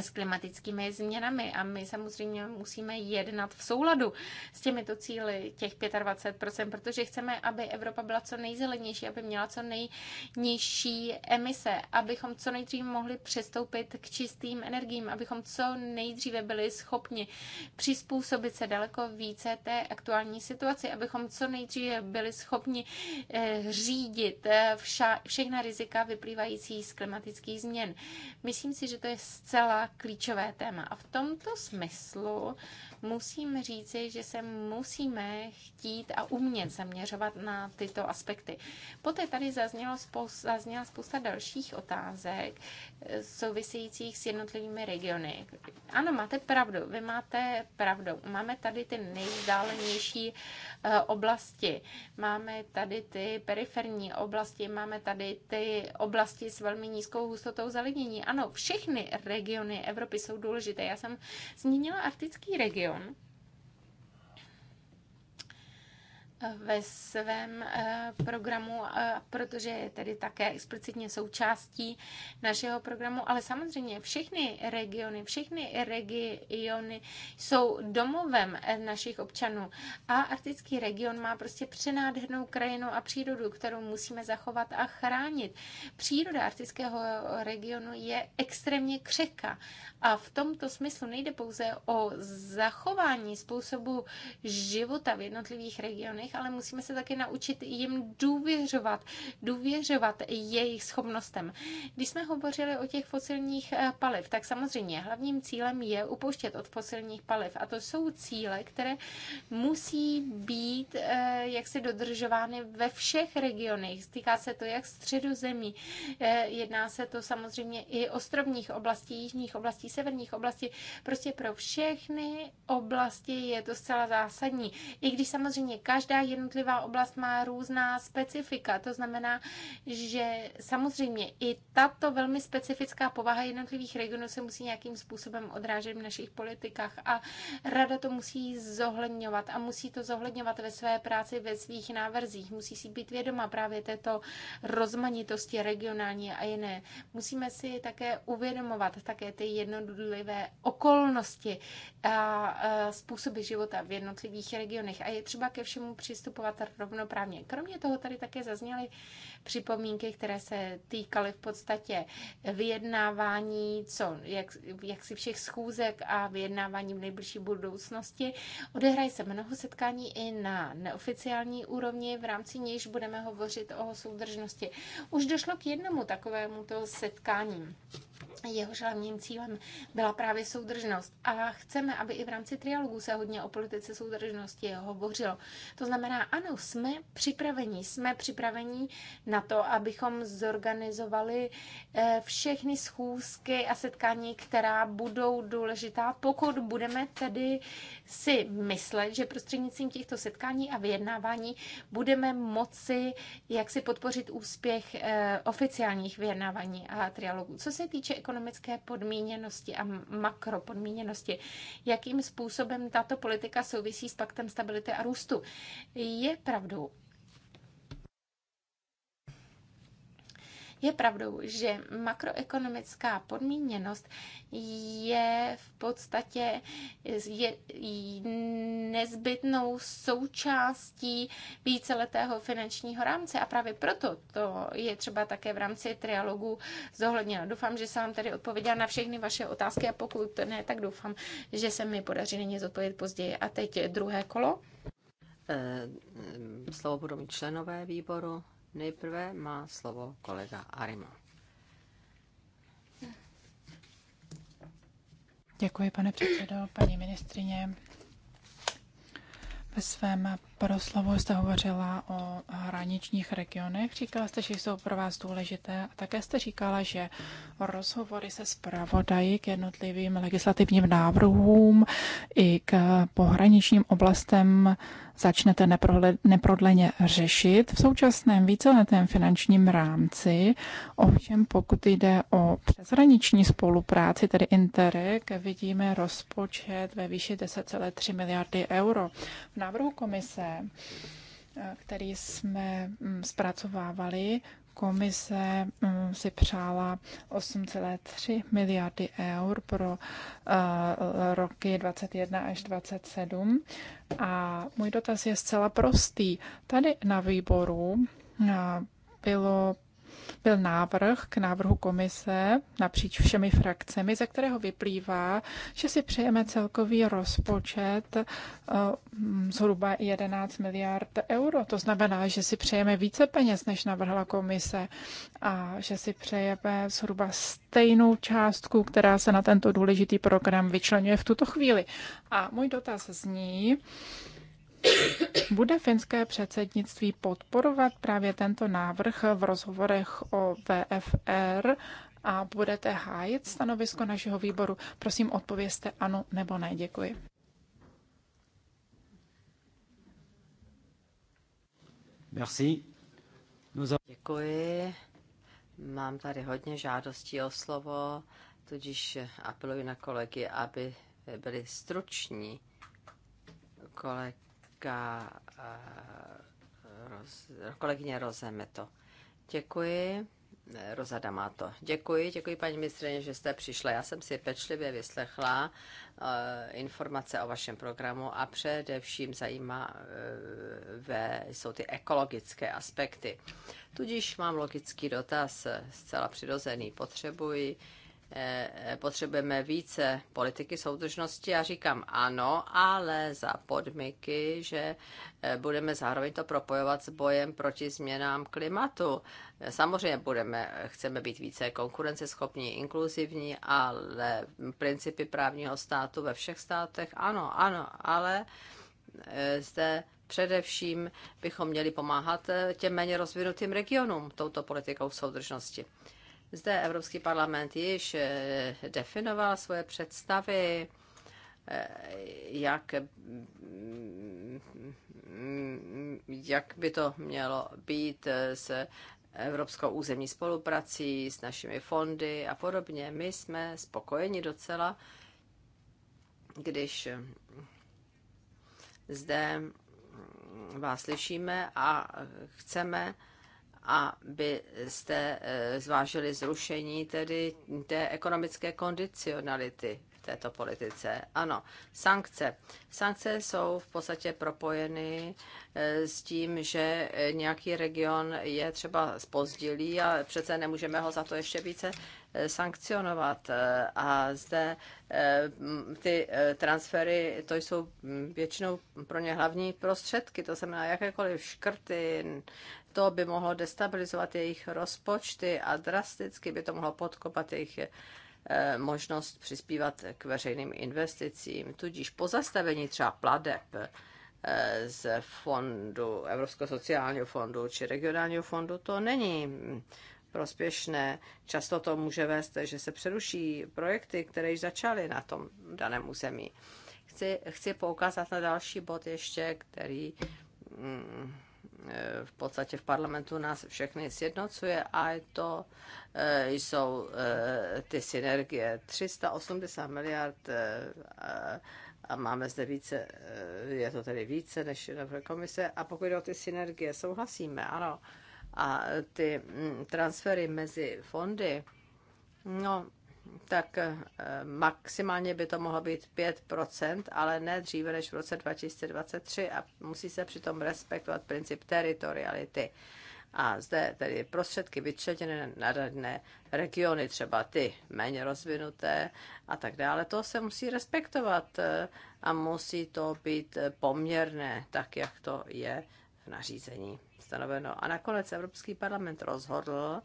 s klimatickými změnami a my samozřejmě musíme jednat v souladu s těmito cíly těch 25%, protože chceme, aby Evropa byla co nejzelenější, aby měla co nejnižší emise, abychom co nejdříve mohli přestoupit k čistým energiím, abychom co nejdříve byli schopni přizpůsobit se daleko více té aktuální situaci, abychom co nejdříve byli schopni eh, řídit eh, vša, všechna rizika vyplývající z klimatických změn. Myslím si, že to je zcela klíčové téma. A v tomto smyslu musím říci, že se musíme chtít a umět zaměřovat na tyto aspekty. Poté tady zaznělo spousta, zazněla spousta dalších otázek eh, souvisejících s jednotlivými regiony. Ano, máte pravdu, vy máte pravdu. Máme tady ty nejvzdálenější eh, oblasti, máme tady ty periferní oblasti, máme tady ty oblasti s velmi nízkou hustotou zalidnění. Ano, všechny regiony Evropy jsou důležité. Já jsem zmínila arktický region, Pardon. ve svém eh, programu, eh, protože je tedy také explicitně součástí našeho programu, ale samozřejmě všechny regiony, všechny regiony jsou domovem eh, našich občanů a arktický region má prostě přenádhernou krajinu a přírodu, kterou musíme zachovat a chránit. Příroda arktického regionu je extrémně křehká a v tomto smyslu nejde pouze o zachování způsobu života v jednotlivých regionech, nich, ale musíme se také naučit jim důvěřovat, důvěřovat jejich schopnostem. Když jsme hovořili o těch fosilních eh, paliv, tak samozřejmě hlavním cílem je upouštět od fosilních paliv a to jsou cíle, které musí být eh, jaksi dodržovány ve všech regionech. Týká se to jak středozemí, eh, jedná se to samozřejmě i ostrovních oblastí, jižních oblastí, severních oblastí, prostě pro všechny oblasti je to zcela zásadní. I když samozřejmě každá jednotlivá oblast má různá specifika. To znamená, že samozřejmě i tato velmi specifická povaha jednotlivých regionů se musí nějakým způsobem odrážet v našich politikách a rada to musí zohledňovat a musí to zohledňovat ve své práci, ve svých návrzích. Musí si být vědoma právě této rozmanitosti regionální a jiné. Musíme si také uvědomovat také ty jednotlivé okolnosti a způsoby života v jednotlivých regionech a je třeba ke všemu při přistupovat rovnoprávně. Kromě toho tady také zazněly připomínky, které se týkaly v podstatě vyjednávání, co, jak, jak si všech schůzek a vyjednávání v nejbližší budoucnosti. Odehraje se mnoho setkání i na neoficiální úrovni, v rámci nějž budeme hovořit o soudržnosti. Už došlo k jednomu takovému to setkání. Jehož hlavním cílem byla právě soudržnost. A chceme, aby i v rámci trialogu se hodně o politice soudržnosti hovořilo. To znamená, ano, jsme připraveni, jsme připraveni na to, abychom zorganizovali eh, všechny schůzky a setkání, která budou důležitá, pokud budeme tedy si myslet, že prostřednictvím těchto setkání a vyjednávání budeme moci jak si podpořit úspěch eh, oficiálních vyjednávání a trialogů. Co se týče ekonomické podmíněnosti a makropodmíněnosti, jakým způsobem tato politika souvisí s paktem stability a růstu? Je pravdou, Je pravdou, že makroekonomická podmíněnost je v podstatě je nezbytnou součástí víceletého finančního rámce a právě proto to je třeba také v rámci trialogu zohledněno. Doufám, že jsem vám tady odpověděla na všechny vaše otázky a pokud to ne, tak doufám, že se mi podaří nyní zodpovědět později. A teď druhé kolo. Eh, slovo budou mít členové výboru. Nejprve má slovo kolega Arima. Děkuji, pane předsedo, paní ministrině. Ve svém proslovu jste hovořila o hraničních regionech. Říkala jste, že jsou pro vás důležité a také jste říkala, že rozhovory se zpravodají k jednotlivým legislativním návrhům i k pohraničním oblastem začnete neprodleně řešit v současném víceletém finančním rámci. Ovšem, pokud jde o přeshraniční spolupráci, tedy Interreg, vidíme rozpočet ve výši 10,3 miliardy euro. V návrhu komise eh, který jsme mm, zpracovávali, komise mm, si přála 8,3 miliardy eur pro eh, roky 21 až 27. A můj dotaz je zcela prostý. Tady na výboru eh, bylo byl návrh k návrhu komise napříč všemi frakcemi, ze kterého vyplývá, že si přejeme celkový rozpočet eh, zhruba 11 miliard euro. To znamená, že si přejeme více peněz, než navrhla komise a že si přejeme zhruba stejnou částku, která se na tento důležitý program vyčlenuje v tuto chvíli. A můj dotaz zní, bude finské předsednictví podporovat právě tento návrh v rozhovorech o VFR a budete hájit stanovisko našeho výboru? Prosím, odpovězte ano nebo ne. Děkuji. Merci. Děkuji. Mám tady hodně žádostí o slovo, tudíž apeluji na kolegy, aby byli struční. Kolega říká eh, roz, kolegyně Rozeme to. Děkuji. Rozada má to. Děkuji, děkuji paní ministrině, že jste přišla. Já jsem si pečlivě vyslechla uh, informace o vašem programu a především zajímá eh, ve, jsou ty ekologické aspekty. Tudíž mám logický dotaz, zcela přirozený. Potřebuji uh, Eh, potřebujeme více politiky soudržnosti. Já říkám ano, ale za podmínky, že eh, budeme zároveň to propojovat s bojem proti změnám klimatu. Samozřejmě budeme, chceme být více konkurenceschopní, inkluzivní, ale principy právního státu ve všech státech ano, ano, ale eh, zde především bychom měli pomáhat těm méně rozvinutým regionům touto politikou soudržnosti. Zde Evropský parlament již eh, definoval svoje představy, eh, jak, mm, jak by to mělo být s evropskou územní spoluprací, s našimi fondy a podobně. My jsme spokojeni docela, když eh, zde mm, vás slyšíme a chceme, a byste eh, zvážili zrušení tedy té ekonomické kondicionality v této politice. Ano, sankce. Sankce jsou v podstatě propojeny eh, s tím, že eh, nějaký region je třeba spozdilý a přece nemůžeme ho za to ještě více Eh, sankcionovat. Eh, a zde eh, ty transfery, to jsou mm, většinou pro ně hlavní prostředky, to znamená jakékoliv škrty, to by mohlo destabilizovat jejich rozpočty a drasticky by to mohlo podkopat jejich možnost přispívat k veřejným investicím. Tudíž pozastavení třeba pladeb z fondu, Evropského sociálního fondu či regionálního fondu, to není mm, prospěšné. Často to může vést, že se přeruší projekty, které již začaly na tom daném území. Chci, chci poukázat na další bod ještě, který mm, eh, v podstatě v parlamentu nás všechny sjednocuje a to eh, jsou eh, ty synergie. 380 miliard a máme zde více, je to tedy více než Evropské komise. A pokud jde o ty synergie, souhlasíme, ano a ty mm, transfery mezi fondy, no, tak eh, maximálně by to mohlo být 5%, ale ne dříve než v roce 2023 a musí se přitom respektovat princip teritoriality. A zde tedy prostředky vyčleněné na dané regiony, třeba ty méně rozvinuté a tak dále, to se musí respektovat eh, a musí to být poměrné, tak jak to je nařízení stanoveno. A nakonec Evropský parlament rozhodl,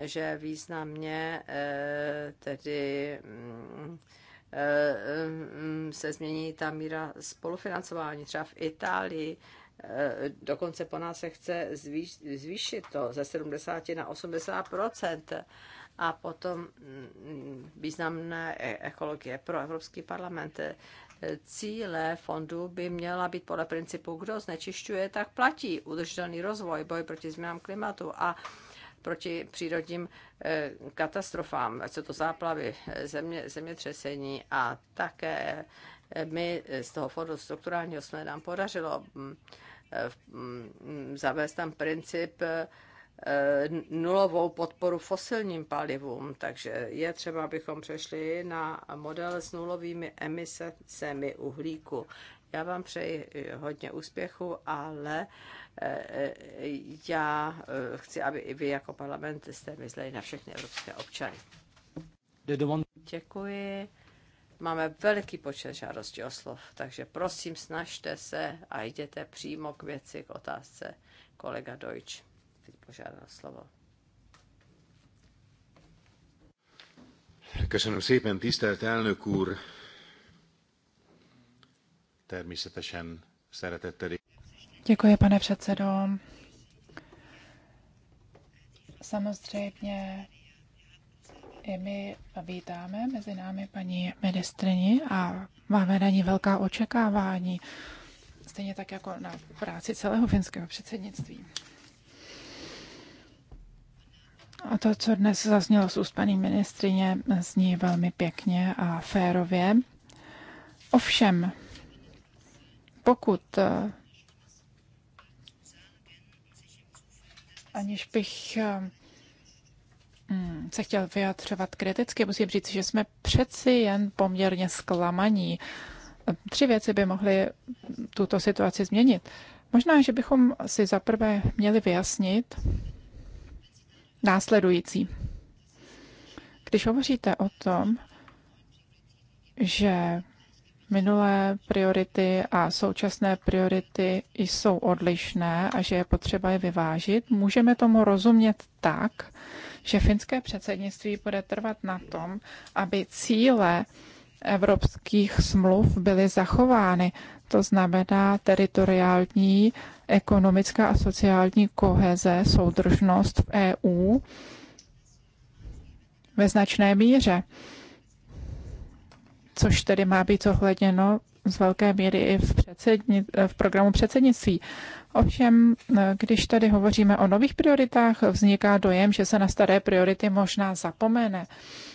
že významně eh, tedy mm, eh, mm, se změní ta míra spolufinancování. Třeba v Itálii eh, dokonce po nás se chce zvýšit to ze 70 na 80 a potom mm, významné e-, ekologie pro Evropský parlament cíle fondu by měla být podle principu, kdo znečišťuje, tak platí. Udržitelný rozvoj, boj proti změnám klimatu a proti přírodním eh, katastrofám, ať jsou to záplavy, země, zemětřesení a také eh, my z toho fondu strukturálního jsme nám podařilo mm, eh, mm, zavést tam princip Eh, nulovou podporu fosilním palivům, takže je třeba, abychom přešli na model s nulovými emisemi uhlíku. Já vám přeji hodně úspěchu, ale eh, já eh, chci, aby i vy jako parlament jste mysleli na všechny evropské občany. Děkuji. Máme velký počet žádostí o slov, takže prosím, snažte se a jděte přímo k věci, k otázce kolega Deutsch teď o slovo. Köszönöm szépen, tisztelt elnök úr! Természetesen szeretettel... Děkuji, pane předsedo. Samozřejmě i my vítáme mezi námi paní ministrini a máme na ní velká očekávání, stejně tak jako na práci celého finského předsednictví. A to, co dnes zaznělo z úst paní ministrině, zní velmi pěkně a férově. Ovšem, pokud eh, aniž bych eh, mm, se chtěl vyjadřovat kriticky, musím říct, že jsme přeci jen poměrně zklamaní. Tři věci by mohly tuto situaci změnit. Možná, že bychom si zaprvé měli vyjasnit, následující. Když hovoříte o tom, že minulé priority a současné priority jsou odlišné a že je potřeba je vyvážit, můžeme tomu rozumět tak, že finské předsednictví bude trvat na tom, aby cíle evropských smluv byly zachovány to znamená teritoriální, ekonomická a sociální koheze, soudržnost v EU ve značné míře, což tedy má být zohledněno z velké míry i v, předsedni, v programu předsednictví. Ovšem, když tady hovoříme o nových prioritách, vzniká dojem, že se na staré priority možná zapomene,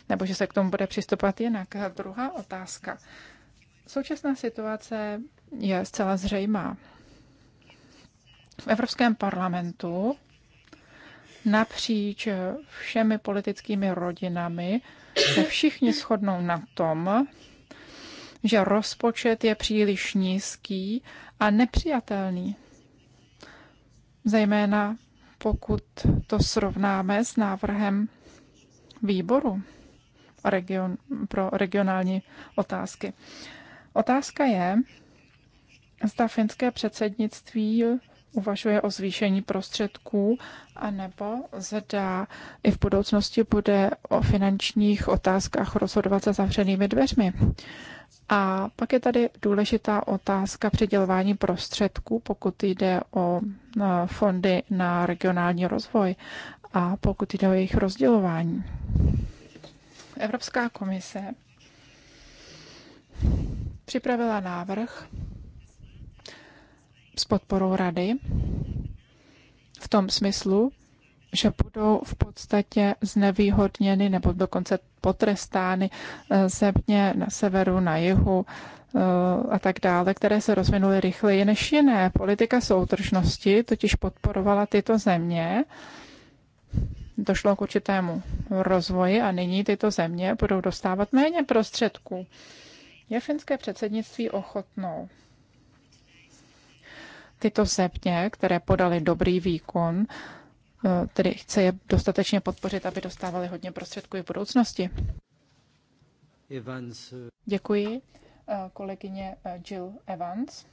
nebo že se k tomu bude přistupovat jinak. A druhá otázka. Současná situace je zcela zřejmá. V Evropském parlamentu napříč všemi politickými rodinami se všichni shodnou na tom, že rozpočet je příliš nízký a nepřijatelný. Zejména pokud to srovnáme s návrhem výboru region, pro regionální otázky. Otázka je, zda finské předsednictví uvažuje o zvýšení prostředků, anebo zda i v budoucnosti bude o finančních otázkách rozhodovat za zavřenými dveřmi. A pak je tady důležitá otázka přidělování prostředků, pokud jde o fondy na regionální rozvoj a pokud jde o jejich rozdělování. Evropská komise připravila návrh s podporou rady v tom smyslu, že budou v podstatě znevýhodněny nebo dokonce potrestány eh, země na severu, na jihu eh, a tak dále, které se rozvinuly rychleji než jiné. Politika soutržnosti totiž podporovala tyto země, došlo k určitému rozvoji a nyní tyto země budou dostávat méně prostředků. Je finské předsednictví ochotnou tyto země, které podali dobrý výkon, eh, tedy chce je dostatečně podpořit, aby dostávali hodně prostředků i v budoucnosti? Evans. Eh. Děkuji, eh, kolegyně Jill Evans.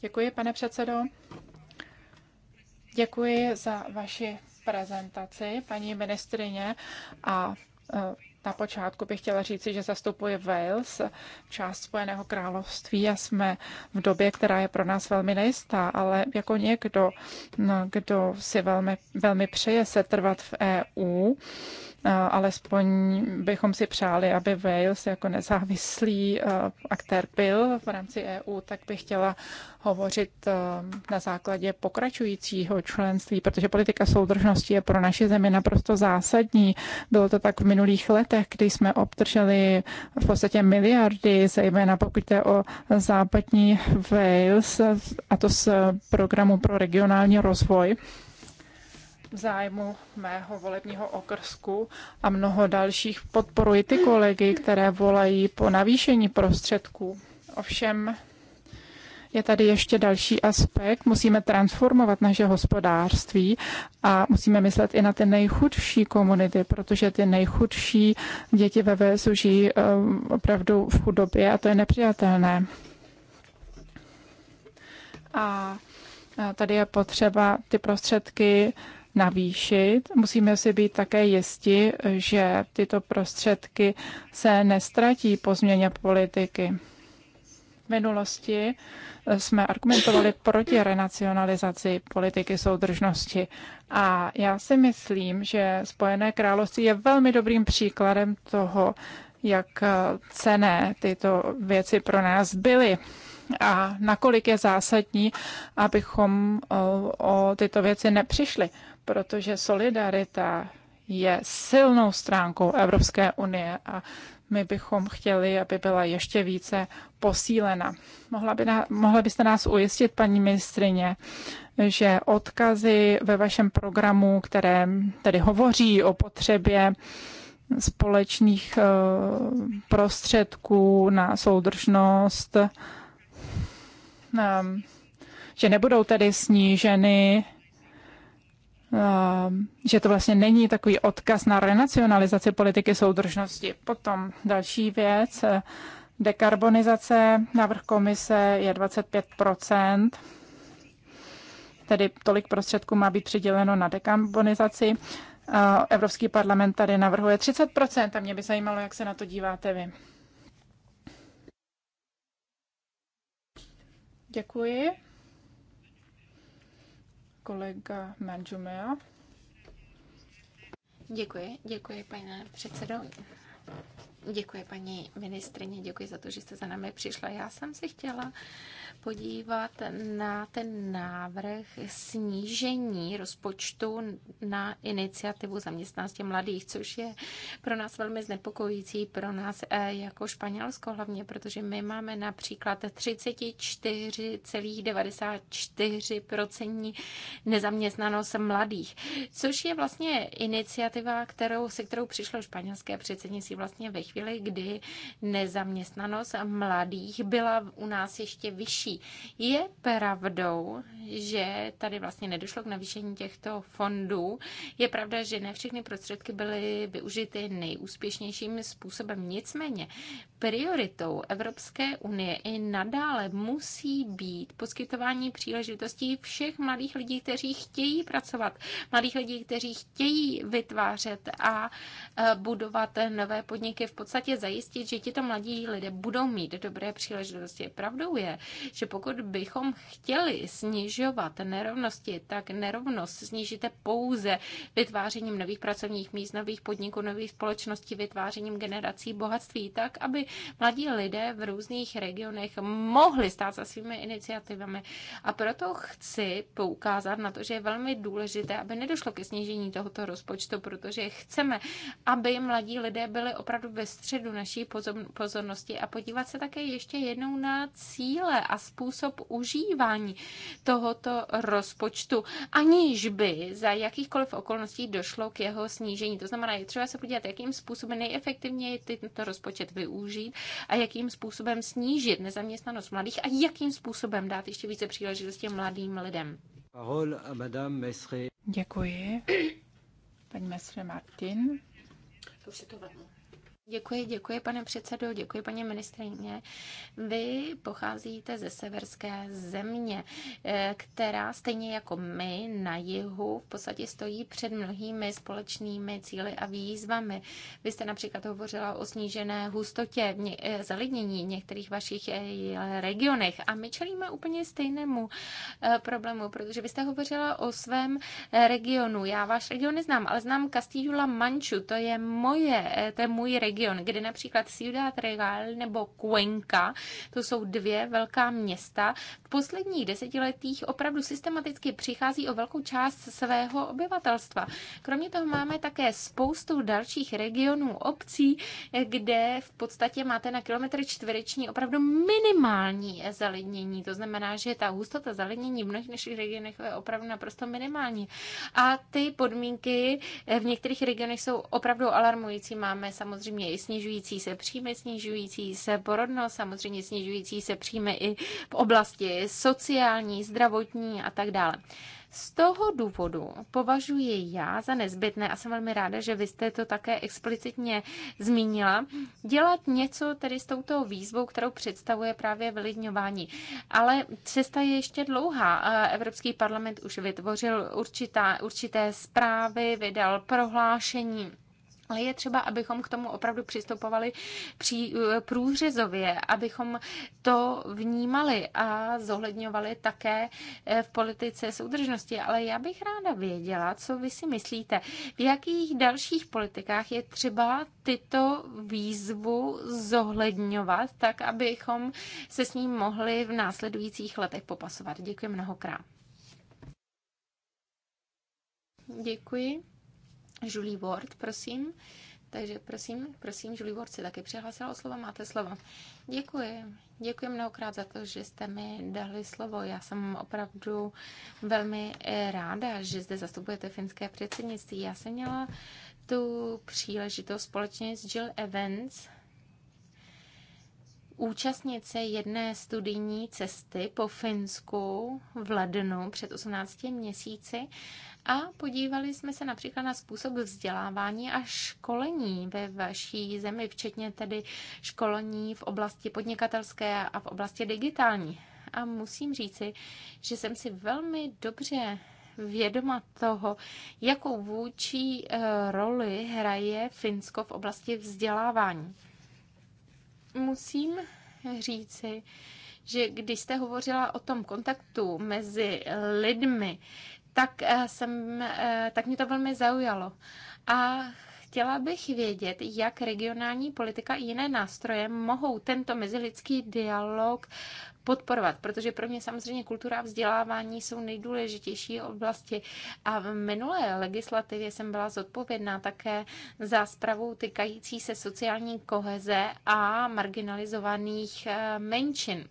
Děkuji, pane předsedo. Děkuji za vaši prezentaci paní ministrině a e, na počátku bych chtěla říci, že zastupuje Wales, část Spojeného království a jsme v době, která je pro nás velmi nejistá, ale jako někdo, no, kdo si velmi, velmi přeje trvat v EU, Eh, alespoň bychom si přáli, aby Wales jako nezávislý eh, aktér byl v rámci EU, tak bych chtěla hovořit eh, na základě pokračujícího členství, protože politika soudržnosti je pro naši zemi naprosto zásadní. Bylo to tak v minulých letech, kdy jsme obdrželi v podstatě miliardy, zejména pokud jde o západní Wales, a to z programu pro regionální rozvoj v zájmu mého volebního okrsku a mnoho dalších podporuji ty kolegy, které volají po navýšení prostředků. Ovšem je tady ještě další aspekt. Musíme transformovat naše hospodářství a musíme myslet i na ty nejchudší komunity, protože ty nejchudší děti ve VSU žijí eh, opravdu v chudobě a to je nepřijatelné. A eh, tady je potřeba ty prostředky navýšit. Musíme si být také jisti, že tyto prostředky se nestratí po změně politiky. V minulosti jsme argumentovali proti renacionalizaci politiky soudržnosti. A já si myslím, že Spojené království je velmi dobrým příkladem toho, jak cené tyto věci pro nás byly a nakolik je zásadní, abychom eh, o tyto věci nepřišli protože solidarita je silnou stránkou Evropské unie a my bychom chtěli, aby byla ještě více posílena. Mohla, by na, mohla byste nás ujistit, paní ministrině, že odkazy ve vašem programu, které tedy hovoří o potřebě společných eh, prostředků na soudržnost, eh, že nebudou tedy sníženy Ehm, že to vlastně není takový odkaz na renacionalizaci politiky soudržnosti. Potom další věc, eh, dekarbonizace, návrh komise je 25 tedy tolik prostředků má být přiděleno na dekarbonizaci. Eh, Evropský parlament tady navrhuje 30 a mě by zajímalo, jak se na to díváte vy. Děkuji kolega Manžumea. Děkuji, děkuji, pane předsedo. Děkuji, paní ministrině, děkuji za to, že jste za námi přišla. Já jsem si chtěla podívat na ten návrh snížení rozpočtu na iniciativu zaměstnanosti mladých, což je pro nás velmi znepokojící, pro nás eh, jako Španělsko hlavně, protože my máme například 34,94% nezaměstnanost mladých, což je vlastně iniciativa, kterou, se kterou přišlo španělské předsednictví vlastně ve chvíli, kdy nezaměstnanost mladých byla u nás ještě vyšší dětí. Je pravdou, že tady vlastně nedošlo k navýšení těchto fondů. Je pravda, že ne všechny prostředky byly využity nejúspěšnějším způsobem. Nicméně prioritou Evropské unie i nadále musí být poskytování příležitostí všech mladých lidí, kteří chtějí pracovat, mladých lidí, kteří chtějí vytvářet a e, budovat nové podniky, v podstatě zajistit, že tito mladí lidé budou mít dobré příležitosti. Pravdou je, že pokud bychom chtěli snižovat nerovnosti, tak nerovnost snížíte pouze vytvářením nových pracovních míst, nových podniků, nových společností, vytvářením generací bohatství, tak, aby mladí lidé v různých regionech mohli stát za svými iniciativami. A proto chci poukázat na to, že je velmi důležité, aby nedošlo ke snížení tohoto rozpočtu, protože chceme, aby mladí lidé byli opravdu ve středu naší pozornosti a podívat se také ještě jednou na cíle a způsob užívání tohoto rozpočtu, aniž by za jakýchkoliv okolností došlo k jeho snížení. To znamená, je třeba se podívat, jakým způsobem nejefektivněji tento rozpočet využít využít a jakým způsobem snížit nezaměstnanost mladých a jakým způsobem dát ještě více příležitosti mladým lidem. Děkuji. Paní Mestre Martin. To si to vedno. Děkuji, děkuji, pane předsedo, děkuji, paní ministrině. Vy pocházíte ze severské země, eh, která stejně jako my na jihu v podstatě stojí před mnohými společnými cíly a výzvami. Vy jste například hovořila o snížené hustotě eh, zalidnění v některých vašich eh, regionech a my čelíme úplně stejnému problému, protože vy jste hovořila o svém regionu. Já váš region neznám, ale znám Castilla Manchu, to je moje, to je můj region region, kde například Ciudad Real nebo Cuenca, to jsou dvě velká města, v posledních desetiletích opravdu systematicky přichází o velkou část svého obyvatelstva. Kromě toho máme také spoustu dalších regionů, obcí, kde v podstatě máte na kilometr čtvereční opravdu minimální zalidnění. To znamená, že ta hustota zalidnění v mnohých našich regionech je opravdu naprosto minimální. A ty podmínky v některých regionech jsou opravdu alarmující. Máme samozřejmě i snižující se příjmy, snižující se porodnost, samozřejmě snižující se příjmy i v oblasti sociální, zdravotní a tak dále. Z toho důvodu považuji já za nezbytné, a jsem velmi ráda, že vy jste to také explicitně zmínila, dělat něco tedy s touto výzvou, kterou představuje právě vylidňování. Ale cesta je ještě dlouhá. Evropský parlament už vytvořil určitá, určité zprávy, vydal prohlášení ale je třeba, abychom k tomu opravdu přistupovali při, eh, průřezově, abychom to vnímali a zohledňovali také eh, v politice soudržnosti. Ale já bych ráda věděla, co vy si myslíte, v jakých dalších politikách je třeba tyto výzvu zohledňovat, tak abychom se s ním mohli v následujících letech popasovat. Děkuji mnohokrát. Děkuji. Julie Ward, prosím. Takže prosím, prosím, Julie Ward se taky přihlásila o slovo, máte slovo. Děkuji, děkuji mnohokrát za to, že jste mi dali slovo. Já jsem opravdu velmi ráda, že zde zastupujete finské předsednictví. Já jsem měla tu příležitost společně s Jill Evans účastnit se jedné studijní cesty po Finsku v lednu před 18 měsíci a podívali jsme se například na způsob vzdělávání a školení ve vaší zemi, včetně tedy školení v oblasti podnikatelské a v oblasti digitální. A musím říci, že jsem si velmi dobře vědoma toho, jakou vůči eh, roli hraje Finsko v oblasti vzdělávání musím říci, že když jste hovořila o tom kontaktu mezi lidmi, tak, eh, jsem, eh, tak mě to velmi zaujalo. A Chtěla bych vědět, jak regionální politika i jiné nástroje mohou tento mezilidský dialog podporovat, protože pro mě samozřejmě kultura a vzdělávání jsou nejdůležitější oblasti. A v minulé legislativě jsem byla zodpovědná také za zprávu týkající se sociální koheze a marginalizovaných eh, menšin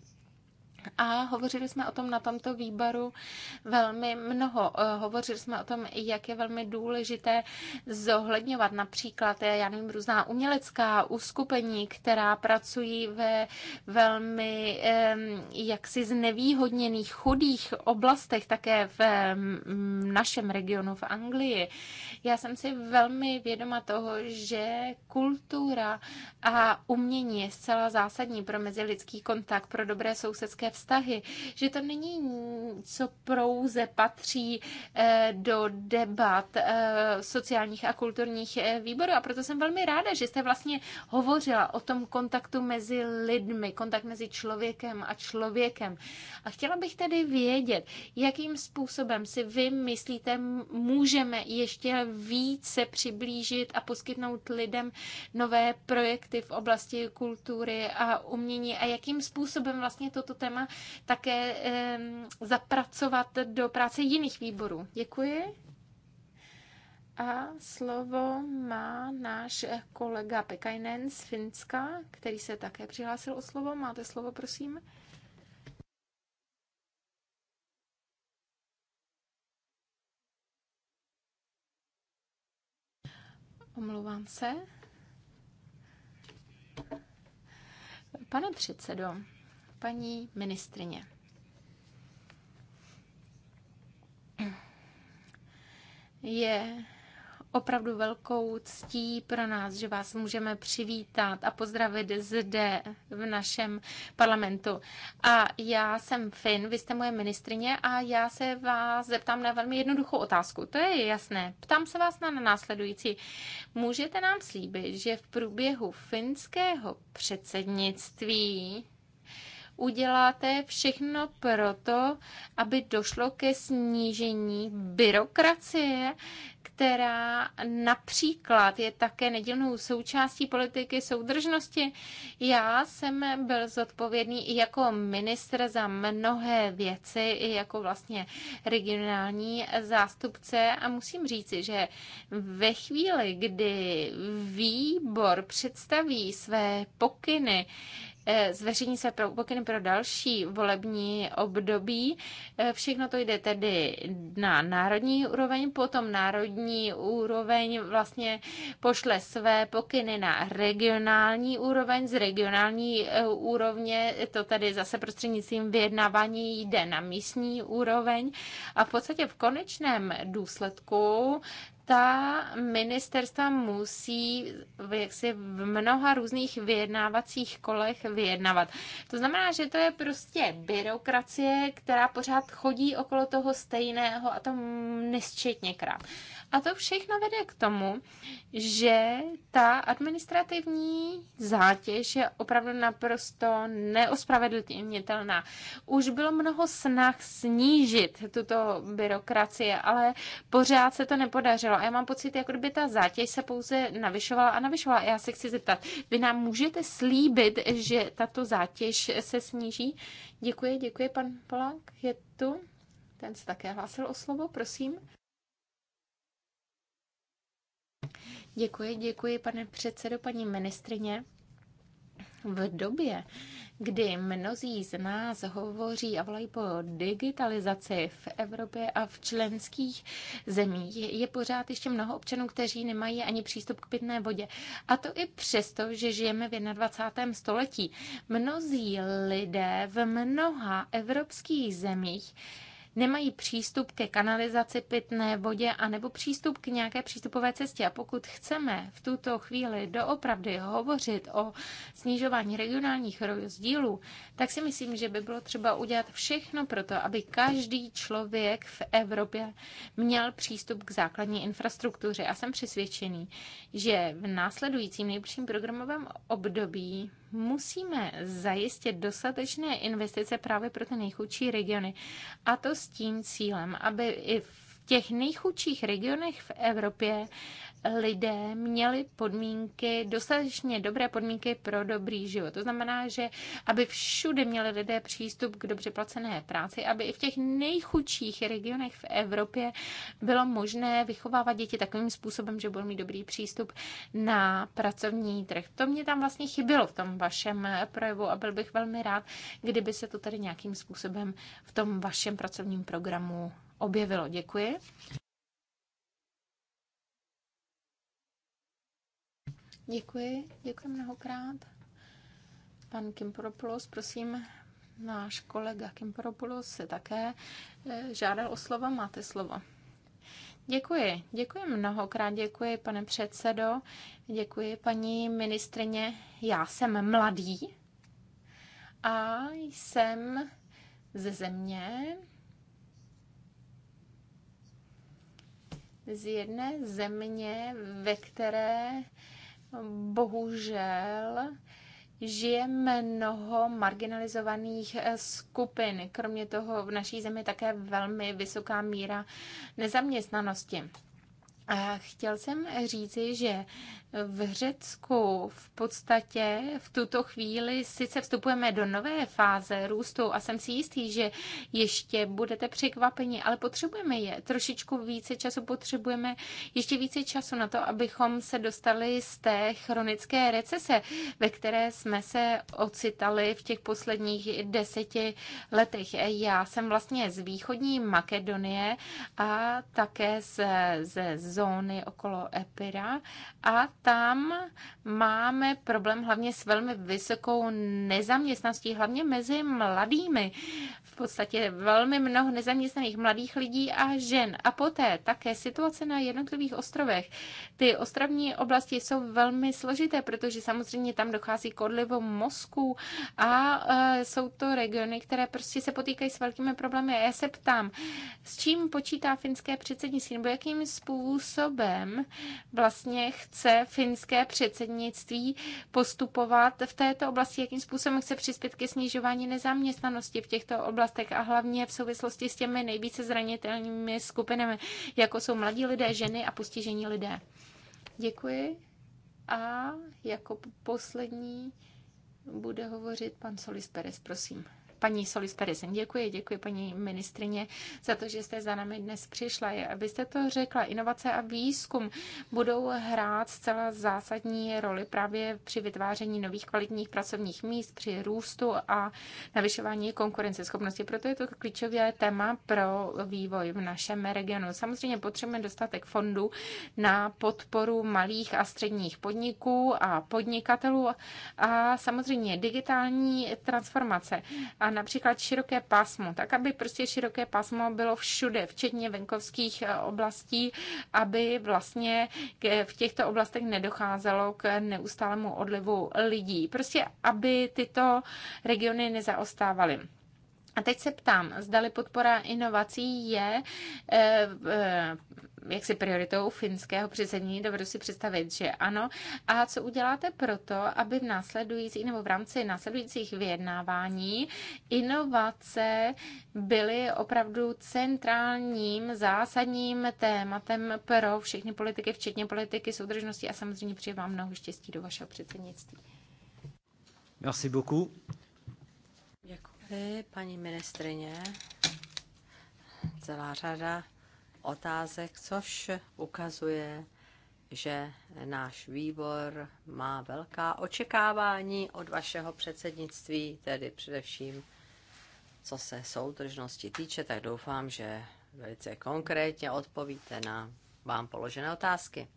a hovořili jsme o tom na tomto výboru velmi mnoho. Eh, hovořili jsme o tom, jak je velmi důležité zohledňovat například, eh, já nevím, různá umělecká uskupení, která pracují ve velmi jaksi znevýhodněných, chudých oblastech, také v našem regionu v Anglii. Já jsem si velmi vědoma toho, že kultura a umění je zcela zásadní pro mezilidský kontakt, pro dobré sousedské vztahy, že to není co prouze patří eh, do debat eh, sociálních a kulturních eh, výborů. A proto jsem velmi ráda, že jste vlastně hovořila o tom kontaktu mezi lidmi, kontakt mezi člověkem a člověkem. A chtěla bych tedy vědět, jakým způsobem si vy myslíte, můžeme ještě více přiblížit a poskytnout lidem nové projekty v oblasti kultury a umění a jakým způsobem vlastně toto téma téma také zapracovat do práce jiných výborů. Děkuji. A slovo má náš kolega Pekajnen z Finska, který se také přihlásil o slovo. Máte slovo, prosím. Omlouvám se. Pane předsedo, Paní ministrině. Je opravdu velkou ctí pro nás, že vás můžeme přivítat a pozdravit zde v našem parlamentu. A já jsem Fin, vy jste moje ministrině a já se vás zeptám na velmi jednoduchou otázku. To je jasné. Ptám se vás na následující. Můžete nám slíbit, že v průběhu finského předsednictví uděláte všechno proto, aby došlo ke snížení byrokracie, která například je také nedílnou součástí politiky soudržnosti. Já jsem byl zodpovědný i jako ministr za mnohé věci, i jako vlastně regionální zástupce a musím říci, že ve chvíli, kdy výbor představí své pokyny, Eh, zveřejní se pokyny pro další volební období. Eh, všechno to jde tedy na národní úroveň, potom národní úroveň vlastně pošle své pokyny na regionální úroveň, z regionální eh, úrovně to tady zase prostřednictvím vyjednávání jde na místní úroveň a v podstatě v konečném důsledku ta ministerstva musí jaksi v mnoha různých vyjednávacích kolech vyjednávat. To znamená, že to je prostě byrokracie, která pořád chodí okolo toho stejného a to nesčetněkrát. A to všechno vede k tomu, že ta administrativní zátěž je opravdu naprosto neospravedlnitelná. Už bylo mnoho snah snížit tuto byrokracie, ale pořád se to nepodařilo. A já mám pocit, jako kdyby ta zátěž se pouze navyšovala a navyšovala. A já se chci zeptat, vy nám můžete slíbit, že tato zátěž se sníží? Děkuji, děkuji, pan Polák je tu. Ten se také hlásil o slovo, prosím. Děkuji, děkuji, pane předsedo, paní ministrině. V době, kdy mnozí z nás hovoří a volají po digitalizaci v Evropě a v členských zemích, je pořád ještě mnoho občanů, kteří nemají ani přístup k pitné vodě. A to i přesto, že žijeme v 21. století. Mnozí lidé v mnoha evropských zemích nemají přístup ke kanalizaci pitné vodě a nebo přístup k nějaké přístupové cestě. A pokud chceme v tuto chvíli doopravdy hovořit o snižování regionálních rozdílů, tak si myslím, že by bylo třeba udělat všechno pro to, aby každý člověk v Evropě měl přístup k základní infrastruktuře. A jsem přesvědčený, že v následujícím nejbližším programovém období musíme zajistit dostatečné investice právě pro ty nejchudší regiony. A to s tím cílem, aby i v těch nejchudších regionech v Evropě lidé měli podmínky, dostatečně dobré podmínky pro dobrý život. To znamená, že aby všude měli lidé přístup k dobře placené práci, aby i v těch nejchudších regionech v Evropě bylo možné vychovávat děti takovým způsobem, že budou mít dobrý přístup na pracovní trh. To mě tam vlastně chybělo v tom vašem projevu a byl bych velmi rád, kdyby se to tady nějakým způsobem v tom vašem pracovním programu objevilo. Děkuji. Děkuji, děkuji mnohokrát. Pan Kimporopoulos, prosím, náš kolega Kimporopoulos se také eh, žádal o slovo, máte slovo. Děkuji, děkuji mnohokrát, děkuji pane předsedo, děkuji paní ministrině. Já jsem mladý a jsem ze země, z jedné země, ve které bohužel žije mnoho marginalizovaných eh, skupin. Kromě toho v naší zemi také velmi vysoká míra nezaměstnanosti. A chtěl jsem říci, že v Řecku v podstatě v tuto chvíli sice vstupujeme do nové fáze růstu a jsem si jistý, že ještě budete překvapeni, ale potřebujeme je trošičku více času, potřebujeme ještě více času na to, abychom se dostali z té chronické recese, ve které jsme se ocitali v těch posledních deseti letech. Já jsem vlastně z východní Makedonie a také z, ze zóny okolo Epira a tam máme problém hlavně s velmi vysokou nezaměstnaností, hlavně mezi mladými v podstatě velmi mnoho nezaměstnaných mladých lidí a žen. A poté také situace na jednotlivých ostrovech. Ty ostrovní oblasti jsou velmi složité, protože samozřejmě tam dochází k odlivu mozku a e, jsou to regiony, které prostě se potýkají s velkými problémy. A já se ptám, s čím počítá finské předsednictví nebo jakým způsobem vlastně chce finské předsednictví postupovat v této oblasti, jakým způsobem chce přispět ke snižování nezaměstnanosti v těchto oblastech oblastech a hlavně v souvislosti s těmi nejvíce zranitelnými skupinami, jako jsou mladí lidé, ženy a postižení lidé. Děkuji. A jako poslední bude hovořit pan Solis Perez, prosím. Paní Solis Perisen, děkuji, děkuji paní ministrině za to, že jste za námi dnes přišla. Abyste to řekla, inovace a výzkum budou hrát zcela zásadní roli právě při vytváření nových kvalitních pracovních míst, při růstu a navyšování konkurenceschopnosti. Proto je to klíčové téma pro vývoj v našem regionu. Samozřejmě potřebujeme dostatek fondů na podporu malých a středních podniků a podnikatelů a samozřejmě digitální transformace a například široké pásmo, tak aby prostě široké pásmo bylo všude, včetně venkovských eh, oblastí, aby vlastně v těchto oblastech nedocházelo k neustálému odlivu lidí. Prostě, aby tyto regiony nezaostávaly. A teď se ptám, zdali podpora inovací je e, eh, jaksi prioritou finského předsední, dovedu si představit, že ano. A co uděláte proto, aby v následující nebo v rámci následujících vyjednávání inovace byly opravdu centrálním, zásadním tématem pro všechny politiky, včetně politiky soudržnosti a samozřejmě přeji vám mnoho štěstí do vašeho předsednictví. Merci beaucoup. Děkuji, paní ministrině. Celá řada otázek, což ukazuje, že náš výbor má velká očekávání od vašeho předsednictví, tedy především co se soudržnosti týče, tak doufám, že velice konkrétně odpovíte na vám položené otázky.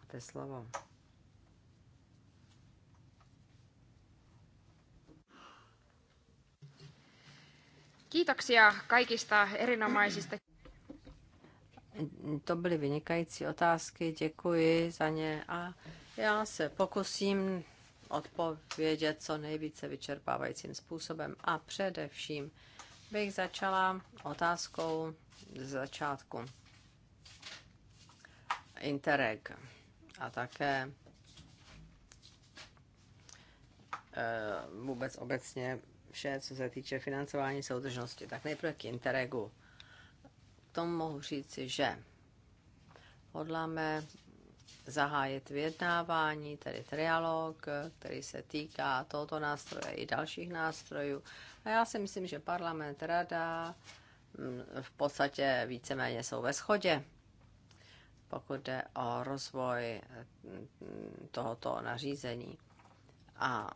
Máte slovo. Kiitoksia kaikista erinomaisista. To byly vynikající otázky, děkuji za ně a já se pokusím odpovědět co nejvíce vyčerpávajícím způsobem. A především bych začala otázkou z začátku. Interreg a také eh, vůbec obecně vše, co se týče financování soudržnosti. Tak nejprve k Interregu. K tomu mohu říci, že hodláme zahájit vyjednávání, tedy trialog, který se týká tohoto nástroje i dalších nástrojů. A já si myslím, že parlament, rada mm, v podstatě víceméně jsou ve shodě, pokud jde o rozvoj mm, tohoto nařízení. A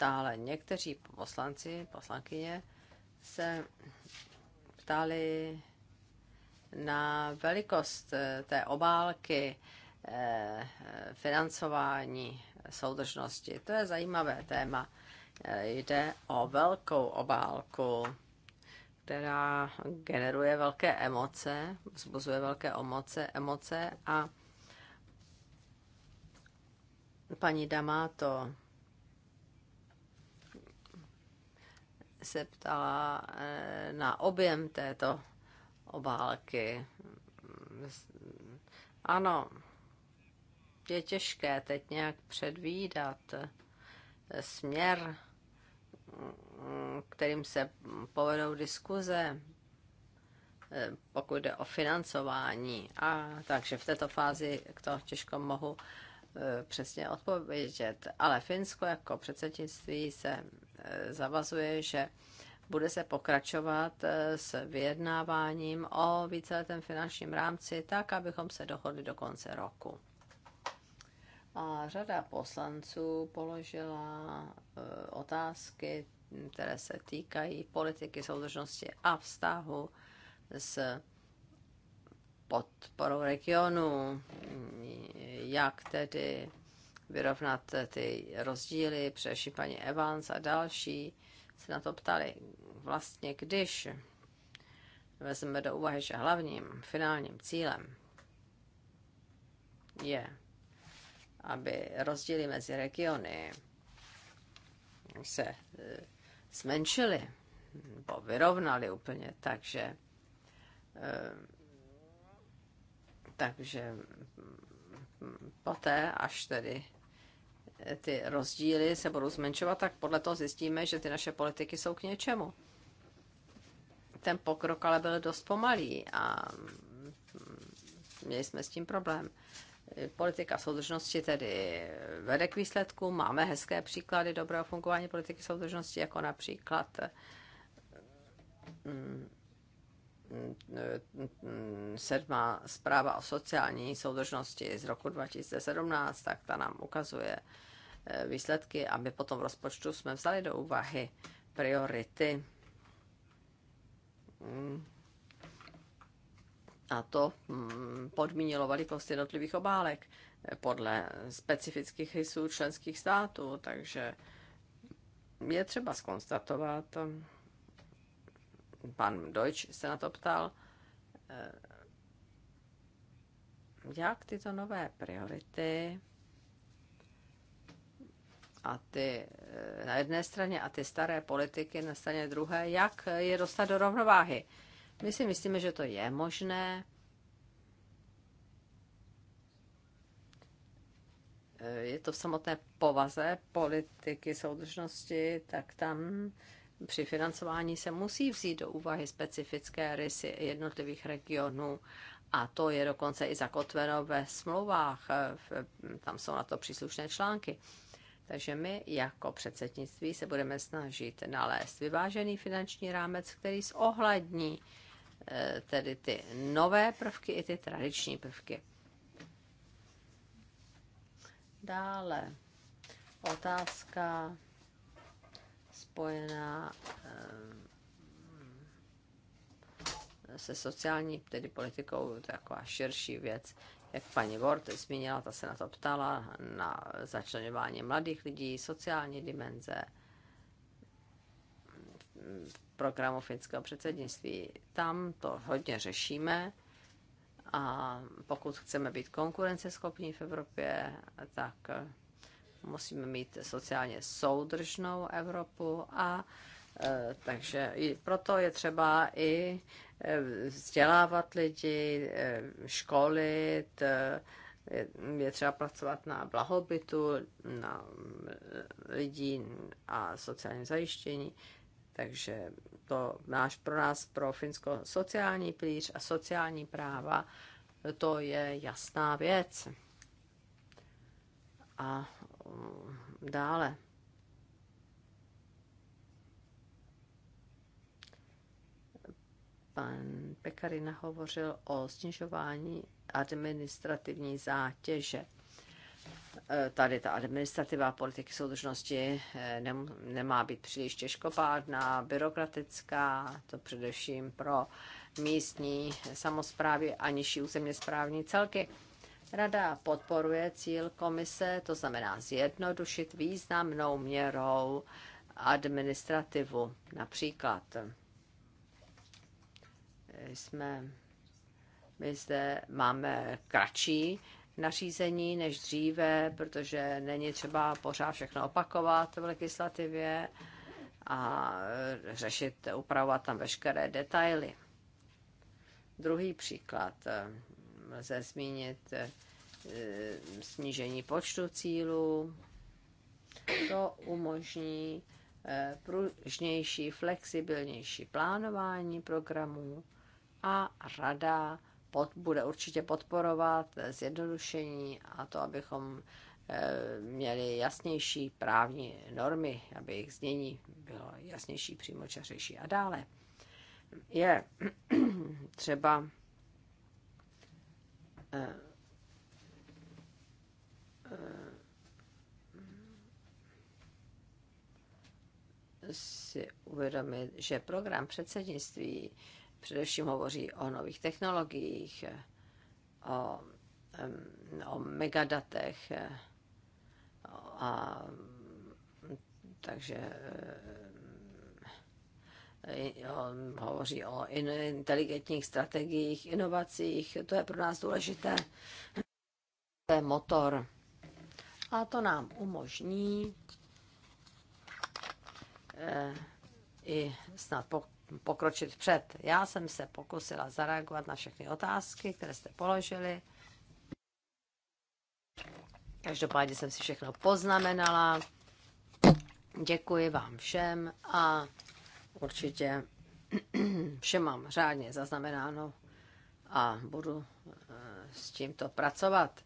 Dále někteří poslanci, poslankyně se ptali na velikost eh, té obálky eh, financování soudržnosti. To je zajímavé téma. Eh, jde o velkou obálku, která generuje velké emoce, vzbuzuje velké emoce, emoce a paní Damato se ptala eh, na objem této obálky. Ano, je těžké teď nějak předvídat eh, směr, mm, kterým se povedou diskuze, eh, pokud jde o financování. A takže v této fázi to těžko mohu přesně odpovědět. Ale Finsko jako předsednictví se Eh, zavazuje, že bude se pokračovat eh, s vyjednáváním o víceletém finančním rámci tak, abychom se dohodli do konce roku. A řada poslanců položila eh, otázky, které se týkají politiky soudržnosti a vztahu s podporou regionu, jak tedy vyrovnat ty rozdíly, především paní Evans a další se na to ptali. Vlastně, když vezmeme do úvahy, že hlavním finálním cílem je, aby rozdíly mezi regiony se eh, zmenšily nebo vyrovnaly úplně, takže eh, takže mm, mm, poté, až tedy ty rozdíly se budou zmenšovat, tak podle toho zjistíme, že ty naše politiky jsou k něčemu. Ten pokrok ale byl dost pomalý a mm, měli jsme s tím problém. Politika soudržnosti tedy vede k výsledku. Máme hezké příklady dobrého fungování politiky soudržnosti, jako například mm, mm, sedmá zpráva o sociální soudržnosti z roku 2017, tak ta nám ukazuje, Eh, výsledky aby potom v rozpočtu jsme vzali do úvahy priority. Mm. A to mm, podmínilo velikost jednotlivých obálek eh, podle specifických rysů členských států, takže je třeba skonstatovat, eh, pan Deutsch se na to ptal, jak tyto nové priority a ty eh, na jedné straně a ty staré politiky na straně druhé, jak je dostat do rovnováhy. My si myslíme, že to je možné. Eh, je to v samotné povaze politiky soudržnosti, tak tam při financování se musí vzít do úvahy specifické rysy jednotlivých regionů a to je dokonce i zakotveno ve smlouvách, eh, tam jsou na to příslušné články. Takže my jako předsednictví se budeme snažit nalézt vyvážený finanční rámec, který zohlední eh, tedy ty nové prvky i ty tradiční prvky. Dále otázka spojená eh, se sociální tedy politikou, to je taková širší věc jak paní Ward zmínila, ta se na to ptala, na začlenování mladých lidí, sociální dimenze programu finského předsednictví. Tam to hodně řešíme a pokud chceme být konkurenceschopní v Evropě, tak musíme mít sociálně soudržnou Evropu a e, takže i proto je třeba i vzdělávat lidi, školit, je třeba pracovat na blahobytu, na lidí a sociální zajištění. Takže to náš pro nás, pro Finsko, sociální plíř a sociální práva, to je jasná věc. A mm, dále Pan Pekarina hovořil o snižování administrativní zátěže. E, tady ta administrativa politiky soudržnosti e, nemá být příliš těžkopádná, byrokratická, to především pro místní samozprávy a nižší územně správní celky. Rada podporuje cíl komise, to znamená zjednodušit významnou měrou administrativu, například jsme, my zde máme kratší nařízení než dříve, protože není třeba pořád všechno opakovat v legislativě a řešit, upravovat tam veškeré detaily. Druhý příklad lze zmínit eh, snížení počtu cílů. To umožní eh, pružnější, flexibilnější plánování programů a rada pod, bude určitě podporovat zjednodušení a to, abychom eh, měli jasnější právní normy, aby jejich znění bylo jasnější, přímočařejší a dále. Je třeba eh, eh, si uvědomit, že program předsednictví Především hovoří o nových technologiích, o, o megadatech e, a takže e, on hovoří o inteligentních strategiích, inovacích, to je pro nás důležité. To je motor. A to nám umožní e, i snad pokročit před. Já jsem se pokusila zareagovat na všechny otázky, které jste položili. Každopádně jsem si všechno poznamenala. Děkuji vám všem a určitě vše mám řádně zaznamenáno a budu eh, s tímto pracovat.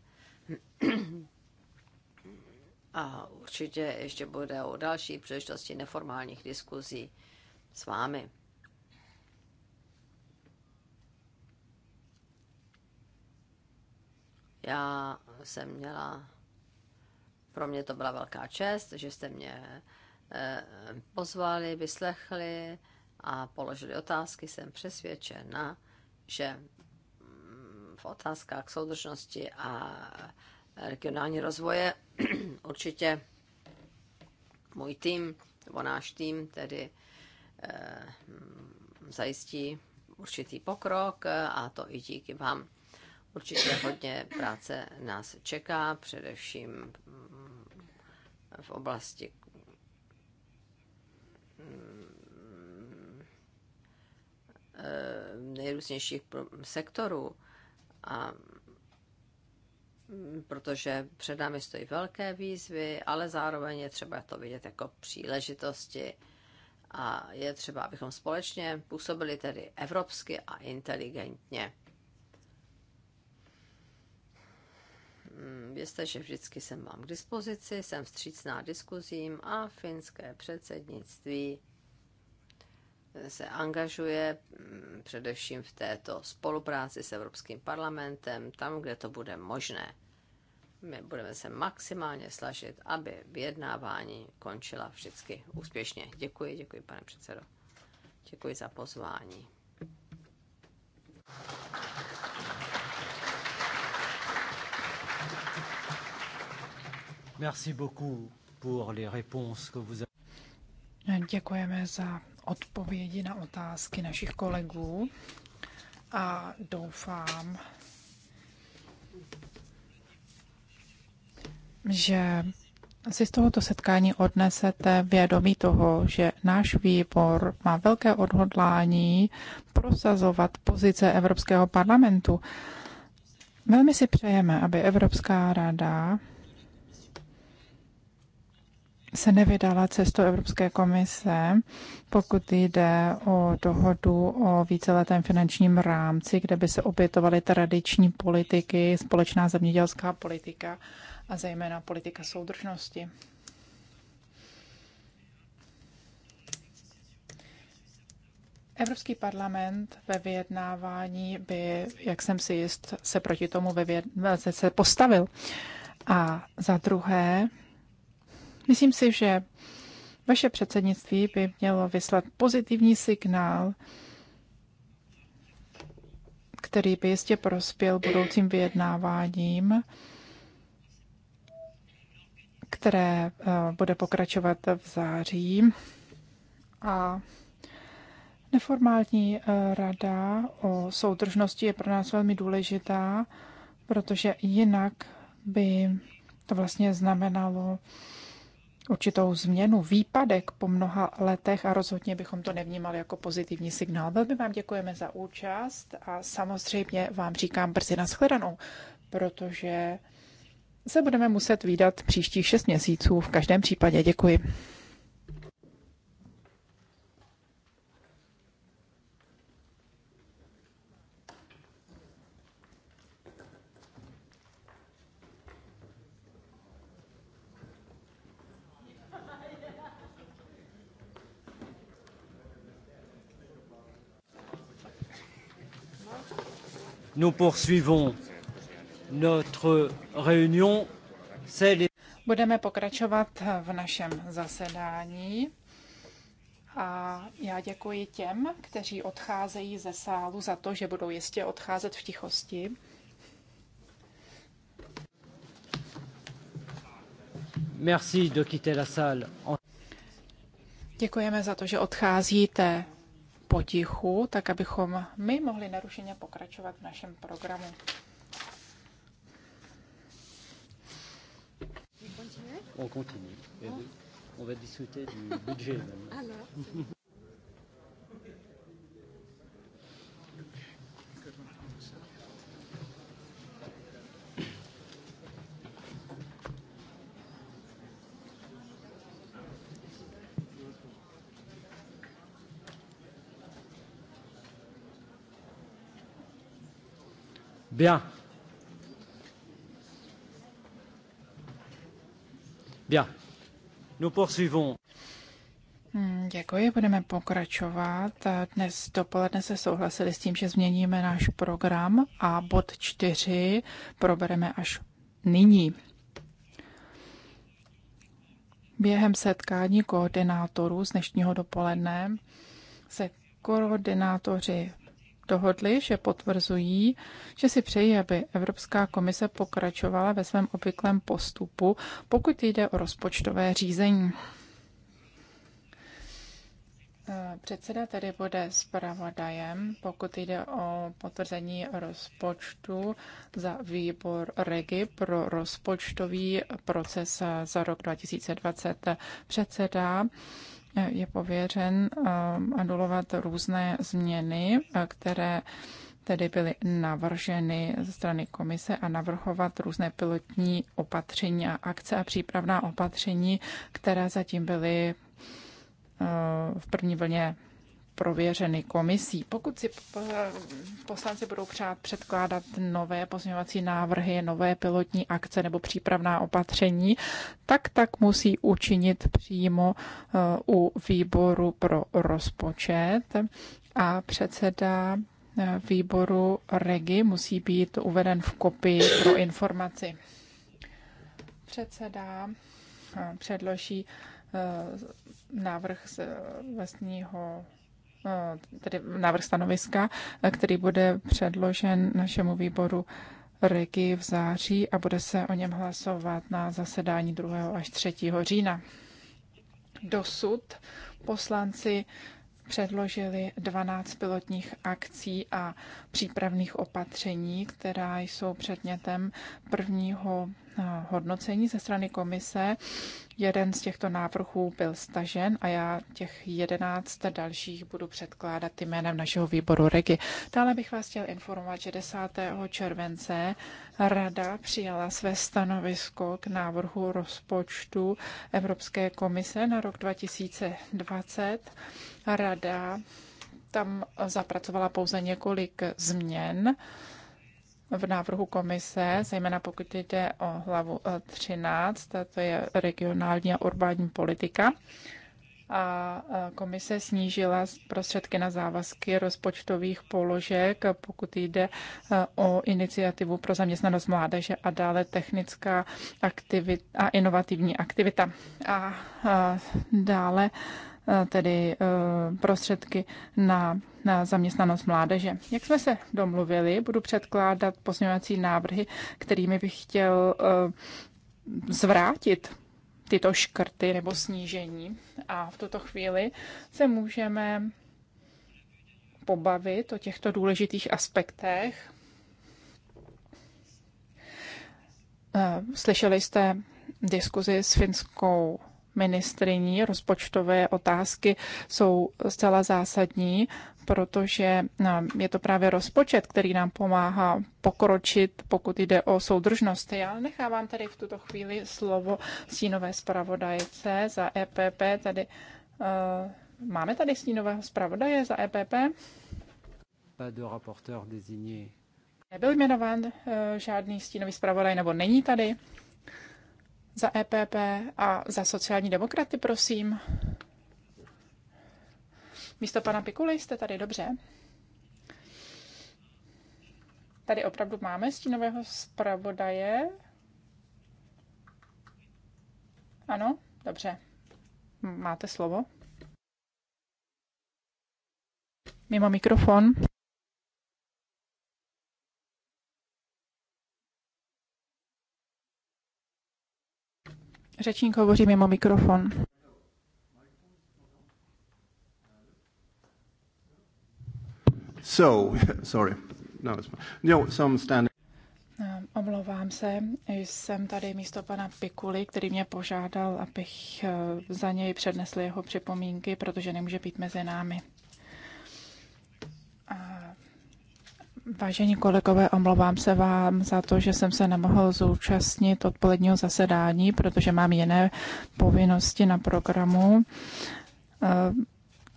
A určitě ještě bude o další příležitosti neformálních diskuzí s vámi. Já jsem měla, pro mě to byla velká čest, že jste mě eh, pozvali, vyslechli a položili otázky. Jsem přesvědčena, že mm, v otázkách soudržnosti a regionální rozvoje určitě můj tým, nebo náš tým tedy eh, mm, zajistí určitý pokrok eh, a to i díky vám. Určitě hodně práce nás čeká, především mm, v oblasti mm, eh, nejrůznějších sektorů, a mm, protože před námi stojí velké výzvy, ale zároveň je třeba to vidět jako příležitosti a je třeba, abychom společně působili tedy evropsky a inteligentně. Mm, vězte, že vždycky jsem vám k dispozici, jsem vstřícná diskuzím a finské předsednictví se angažuje mm, především v této spolupráci s Evropským parlamentem, tam, kde to bude možné. My budeme se maximálně slažit, aby vyjednávání končila vždycky úspěšně. Děkuji, děkuji, pane předsedo. Děkuji za pozvání. Merci beaucoup pour les réponses que vous avez. Děkujeme za odpovědi na otázky našich kolegů a doufám, že si z tohoto setkání odnesete vědomí toho, že náš výbor má velké odhodlání prosazovat pozice Evropského parlamentu. Velmi si přejeme, aby Evropská rada se nevydala cestou Evropské komise, pokud jde o dohodu o víceletém finančním rámci, kde by se opětovaly tradiční politiky, společná zemědělská politika a zejména politika soudržnosti. Evropský parlament ve vyjednávání by, jak jsem si jist, se proti tomu ve vyjedn... se postavil. A za druhé, Myslím si, že vaše předsednictví by mělo vyslat pozitivní signál, který by jistě prospěl budoucím vyjednáváním, které eh, bude pokračovat v září. A Neformální eh, rada o soudržnosti je pro nás velmi důležitá, protože jinak by to vlastně znamenalo určitou změnu, výpadek po mnoha letech a rozhodně bychom to nevnímali jako pozitivní signál. Velmi vám děkujeme za účast a samozřejmě vám říkám brzy nashledanou, protože se budeme muset výdat příštích šest měsíců. V každém případě děkuji. Nous poursuivons notre réunion. Budeme pokračovat v našem zasedání. A já děkuji těm, kteří odcházejí ze sálu za to, že budou jistě odcházet v tichosti. Merci de quitter la salle. Děkujeme za to, že odcházíte potichu, tak abychom my mohli narušeně pokračovat v našem programu. On continue. On va discuter du budget. Alors. Ah Bien. Bien. Nous poursuivons. Hmm, děkuji, budeme pokračovat. Dnes dopoledne se souhlasili s tím, že změníme náš program a bod 4 probereme až nyní. Během setkání koordinátorů z dnešního dopoledne se koordinátoři dohodli, že potvrzují, že si přejí, aby Evropská komise pokračovala ve svém obvyklém postupu, pokud jde o rozpočtové řízení. Eh, předseda tedy bude zpravodajem, pokud jde o potvrzení rozpočtu za výbor REGI pro rozpočtový proces za rok 2020. Předseda je pověřen um, anulovat různé změny, eh, které tedy byly navrženy ze strany komise a navrhovat různé pilotní opatření a akce a přípravná opatření, které zatím byly eh, v první vlně prověřeny komisí. Pokud si eh, poslanci budou přát předkládat nové pozměňovací návrhy, nové pilotní akce nebo přípravná opatření, tak tak musí učinit přímo eh, u výboru pro rozpočet a předseda eh, výboru REGI musí být uveden v kopii pro informaci. Předseda předloží návrh z vlastního Eh, tedy návrh stanoviska, eh, který bude předložen našemu výboru Regi v září a bude se o něm hlasovat na zasedání 2. až 3. října. Dosud poslanci předložili 12 pilotních akcí a přípravných opatření, která jsou předmětem prvního eh, hodnocení ze strany komise. Jeden z těchto návrhů byl stažen a já těch jedenáct dalších budu předkládat jménem našeho výboru REGI. Dále bych vás chtěl informovat, že 10. července Rada přijala své stanovisko k návrhu rozpočtu Evropské komise na rok 2020 Rada tam zapracovala pouze několik změn v návrhu komise, zejména pokud jde o hlavu 13, eh, to je regionální a urbání politika. A eh, komise snížila prostředky na závazky rozpočtových položek, pokud jde eh, o iniciativu pro zaměstnanost mládeže a dále technická aktivita a inovativní aktivita. A dále Eh, tedy eh, prostředky na, na zaměstnanost mládeže. Jak jsme se domluvili, budu předkládat pozměňovací návrhy, kterými bych chtěl eh, zvrátit tyto škrty nebo snížení. A v tuto chvíli se můžeme pobavit o těchto důležitých aspektech. Slyšeli jste diskuzi s finskou ministriní rozpočtové otázky jsou zcela zásadní, protože eh, je to právě rozpočet, který nám pomáhá pokročit, pokud jde o soudržnost. Já nechávám tady v tuto chvíli slovo stínové zpravodajce za EPP. Tady, uh, eh, máme tady stínového zpravodaje za EPP? Nebyl jmenován uh, žádný stínový zpravodaj, nebo není tady? Za EPP a za sociální demokraty, prosím. Místo pana Pikuly jste tady dobře. Tady opravdu máme stínového zpravodaje. Ano, dobře. Máte slovo. Mimo mikrofon. Řečník hovoří mimo mikrofon. So, sorry. No, it's no, some standing. Omlouvám se, jsem tady místo pana Pikuly, který mě požádal, abych eh, za něj přednesl jeho připomínky, protože nemůže být mezi námi. Vážení kolegové, omlouvám se vám za to, že jsem se nemohl zúčastnit odpoledního zasedání, protože mám jiné povinnosti na programu.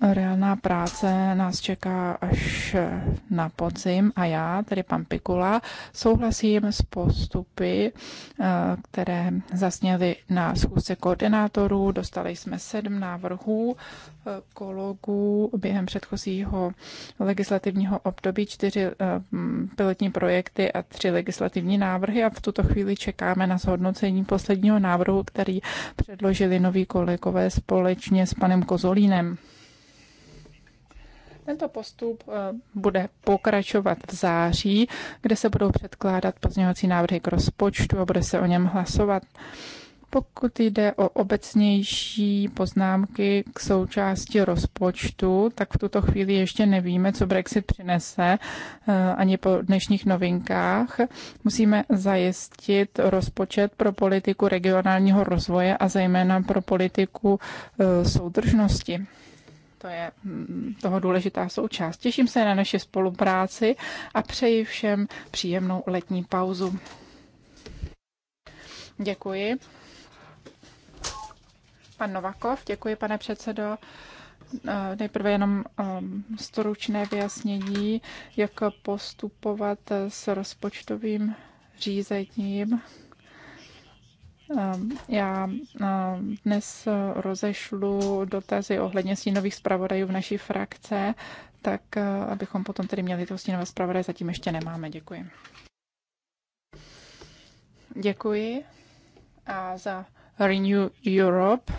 Reálná práce nás čeká až na podzim a já, tedy pan Pikula, souhlasím s postupy, eh, které zasněly na schůzce koordinátorů. Dostali jsme sedm návrhů eh, kologů během předchozího legislativního období, čtyři eh, pilotní projekty a tři legislativní návrhy a v tuto chvíli čekáme na zhodnocení posledního návrhu, který předložili noví kolegové společně s panem Kozolínem. Tento postup eh, bude pokračovat v září, kde se budou předkládat pozměňovací návrhy k rozpočtu a bude se o něm hlasovat. Pokud jde o obecnější poznámky k součásti rozpočtu, tak v tuto chvíli ještě nevíme, co Brexit přinese, eh, ani po dnešních novinkách. Musíme zajistit rozpočet pro politiku regionálního rozvoje a zejména pro politiku eh, soudržnosti. To je mm, toho důležitá součást. Těším se na naše spolupráci a přeji všem příjemnou letní pauzu. Děkuji. Pan Novakov, děkuji, pane předsedo. Eh, nejprve jenom ehm, stručné vyjasnění, jak postupovat s rozpočtovým řízením Ehm, já ehm, dnes eh, rozešlu dotazy ohledně stínových zpravodajů v naší frakce, tak eh, abychom potom tedy měli toho stínové zpravodaje, zatím ještě nemáme. Děkuji. Děkuji a za Renew Europe.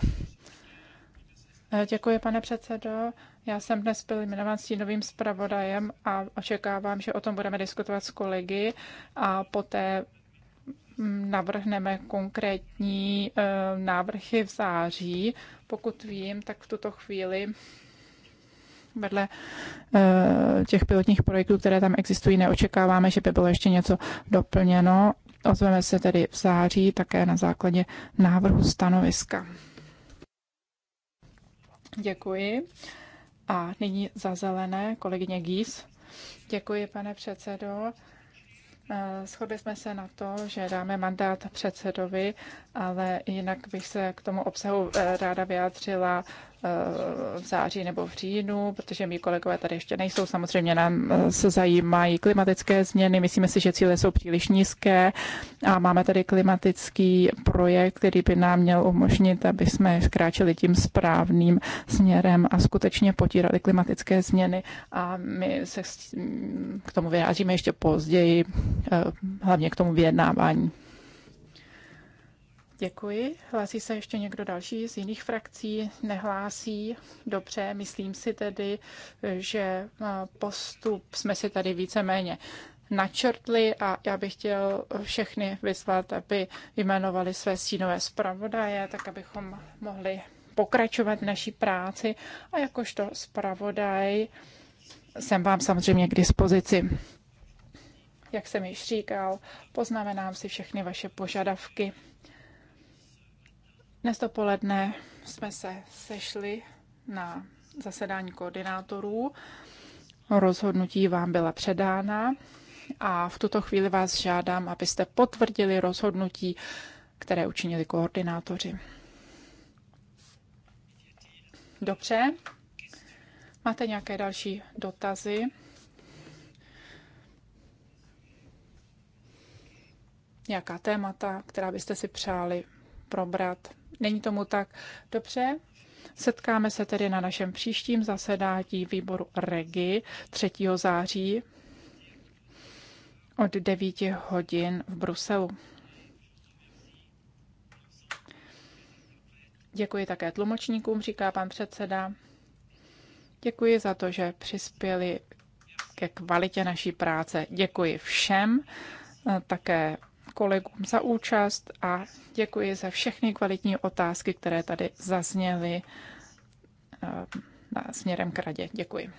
Eh, děkuji, pane předsedo. Já jsem dnes byl jmenován stínovým zpravodajem a očekávám, že o tom budeme diskutovat s kolegy a poté navrhneme konkrétní eh, návrhy v září. Pokud vím, tak v tuto chvíli vedle eh, těch pilotních projektů, které tam existují, neočekáváme, že by bylo ještě něco doplněno. Ozveme se tedy v září také na základě návrhu stanoviska. Děkuji. A nyní za zelené kolegyně Gís. Děkuji, pane předsedo. Eh, shodli jsme se na to, že dáme mandát předsedovi, ale jinak bych se k tomu obsahu eh, ráda vyjádřila v září nebo v říjnu, protože mý kolegové tady ještě nejsou. Samozřejmě nám eh, se zajímají klimatické změny. Myslíme si, že cíle jsou příliš nízké a máme tady klimatický projekt, který by nám měl umožnit, aby jsme zkráčeli tím správným směrem a skutečně potírali klimatické změny. A my se k tomu vyjádříme ještě později, eh, hlavně k tomu vyjednávání. Děkuji. Hlásí se ještě někdo další z jiných frakcí? Nehlásí. Dobře, myslím si tedy, že eh, postup jsme si tady víceméně načrtli a já bych chtěl všechny vyzvat, aby jmenovali své stínové zpravodaje, tak abychom mohli pokračovat v naší práci a jakožto zpravodaj jsem vám samozřejmě k dispozici. Jak jsem již říkal, poznamenám si všechny vaše požadavky dnes dopoledne jsme se sešli na zasedání koordinátorů. Rozhodnutí vám byla předána a v tuto chvíli vás žádám, abyste potvrdili rozhodnutí, které učinili koordinátoři. Dobře. Máte nějaké další dotazy? Nějaká témata, která byste si přáli probrat? Není tomu tak dobře. Setkáme se tedy na našem příštím zasedání výboru REGI 3. září od 9 hodin v Bruselu. Děkuji také tlumočníkům, říká pan předseda. Děkuji za to, že přispěli ke kvalitě naší práce. Děkuji všem, eh, také kolegům za účast a děkuji za všechny kvalitní otázky, které tady zazněly eh, směrem k radě. Děkuji.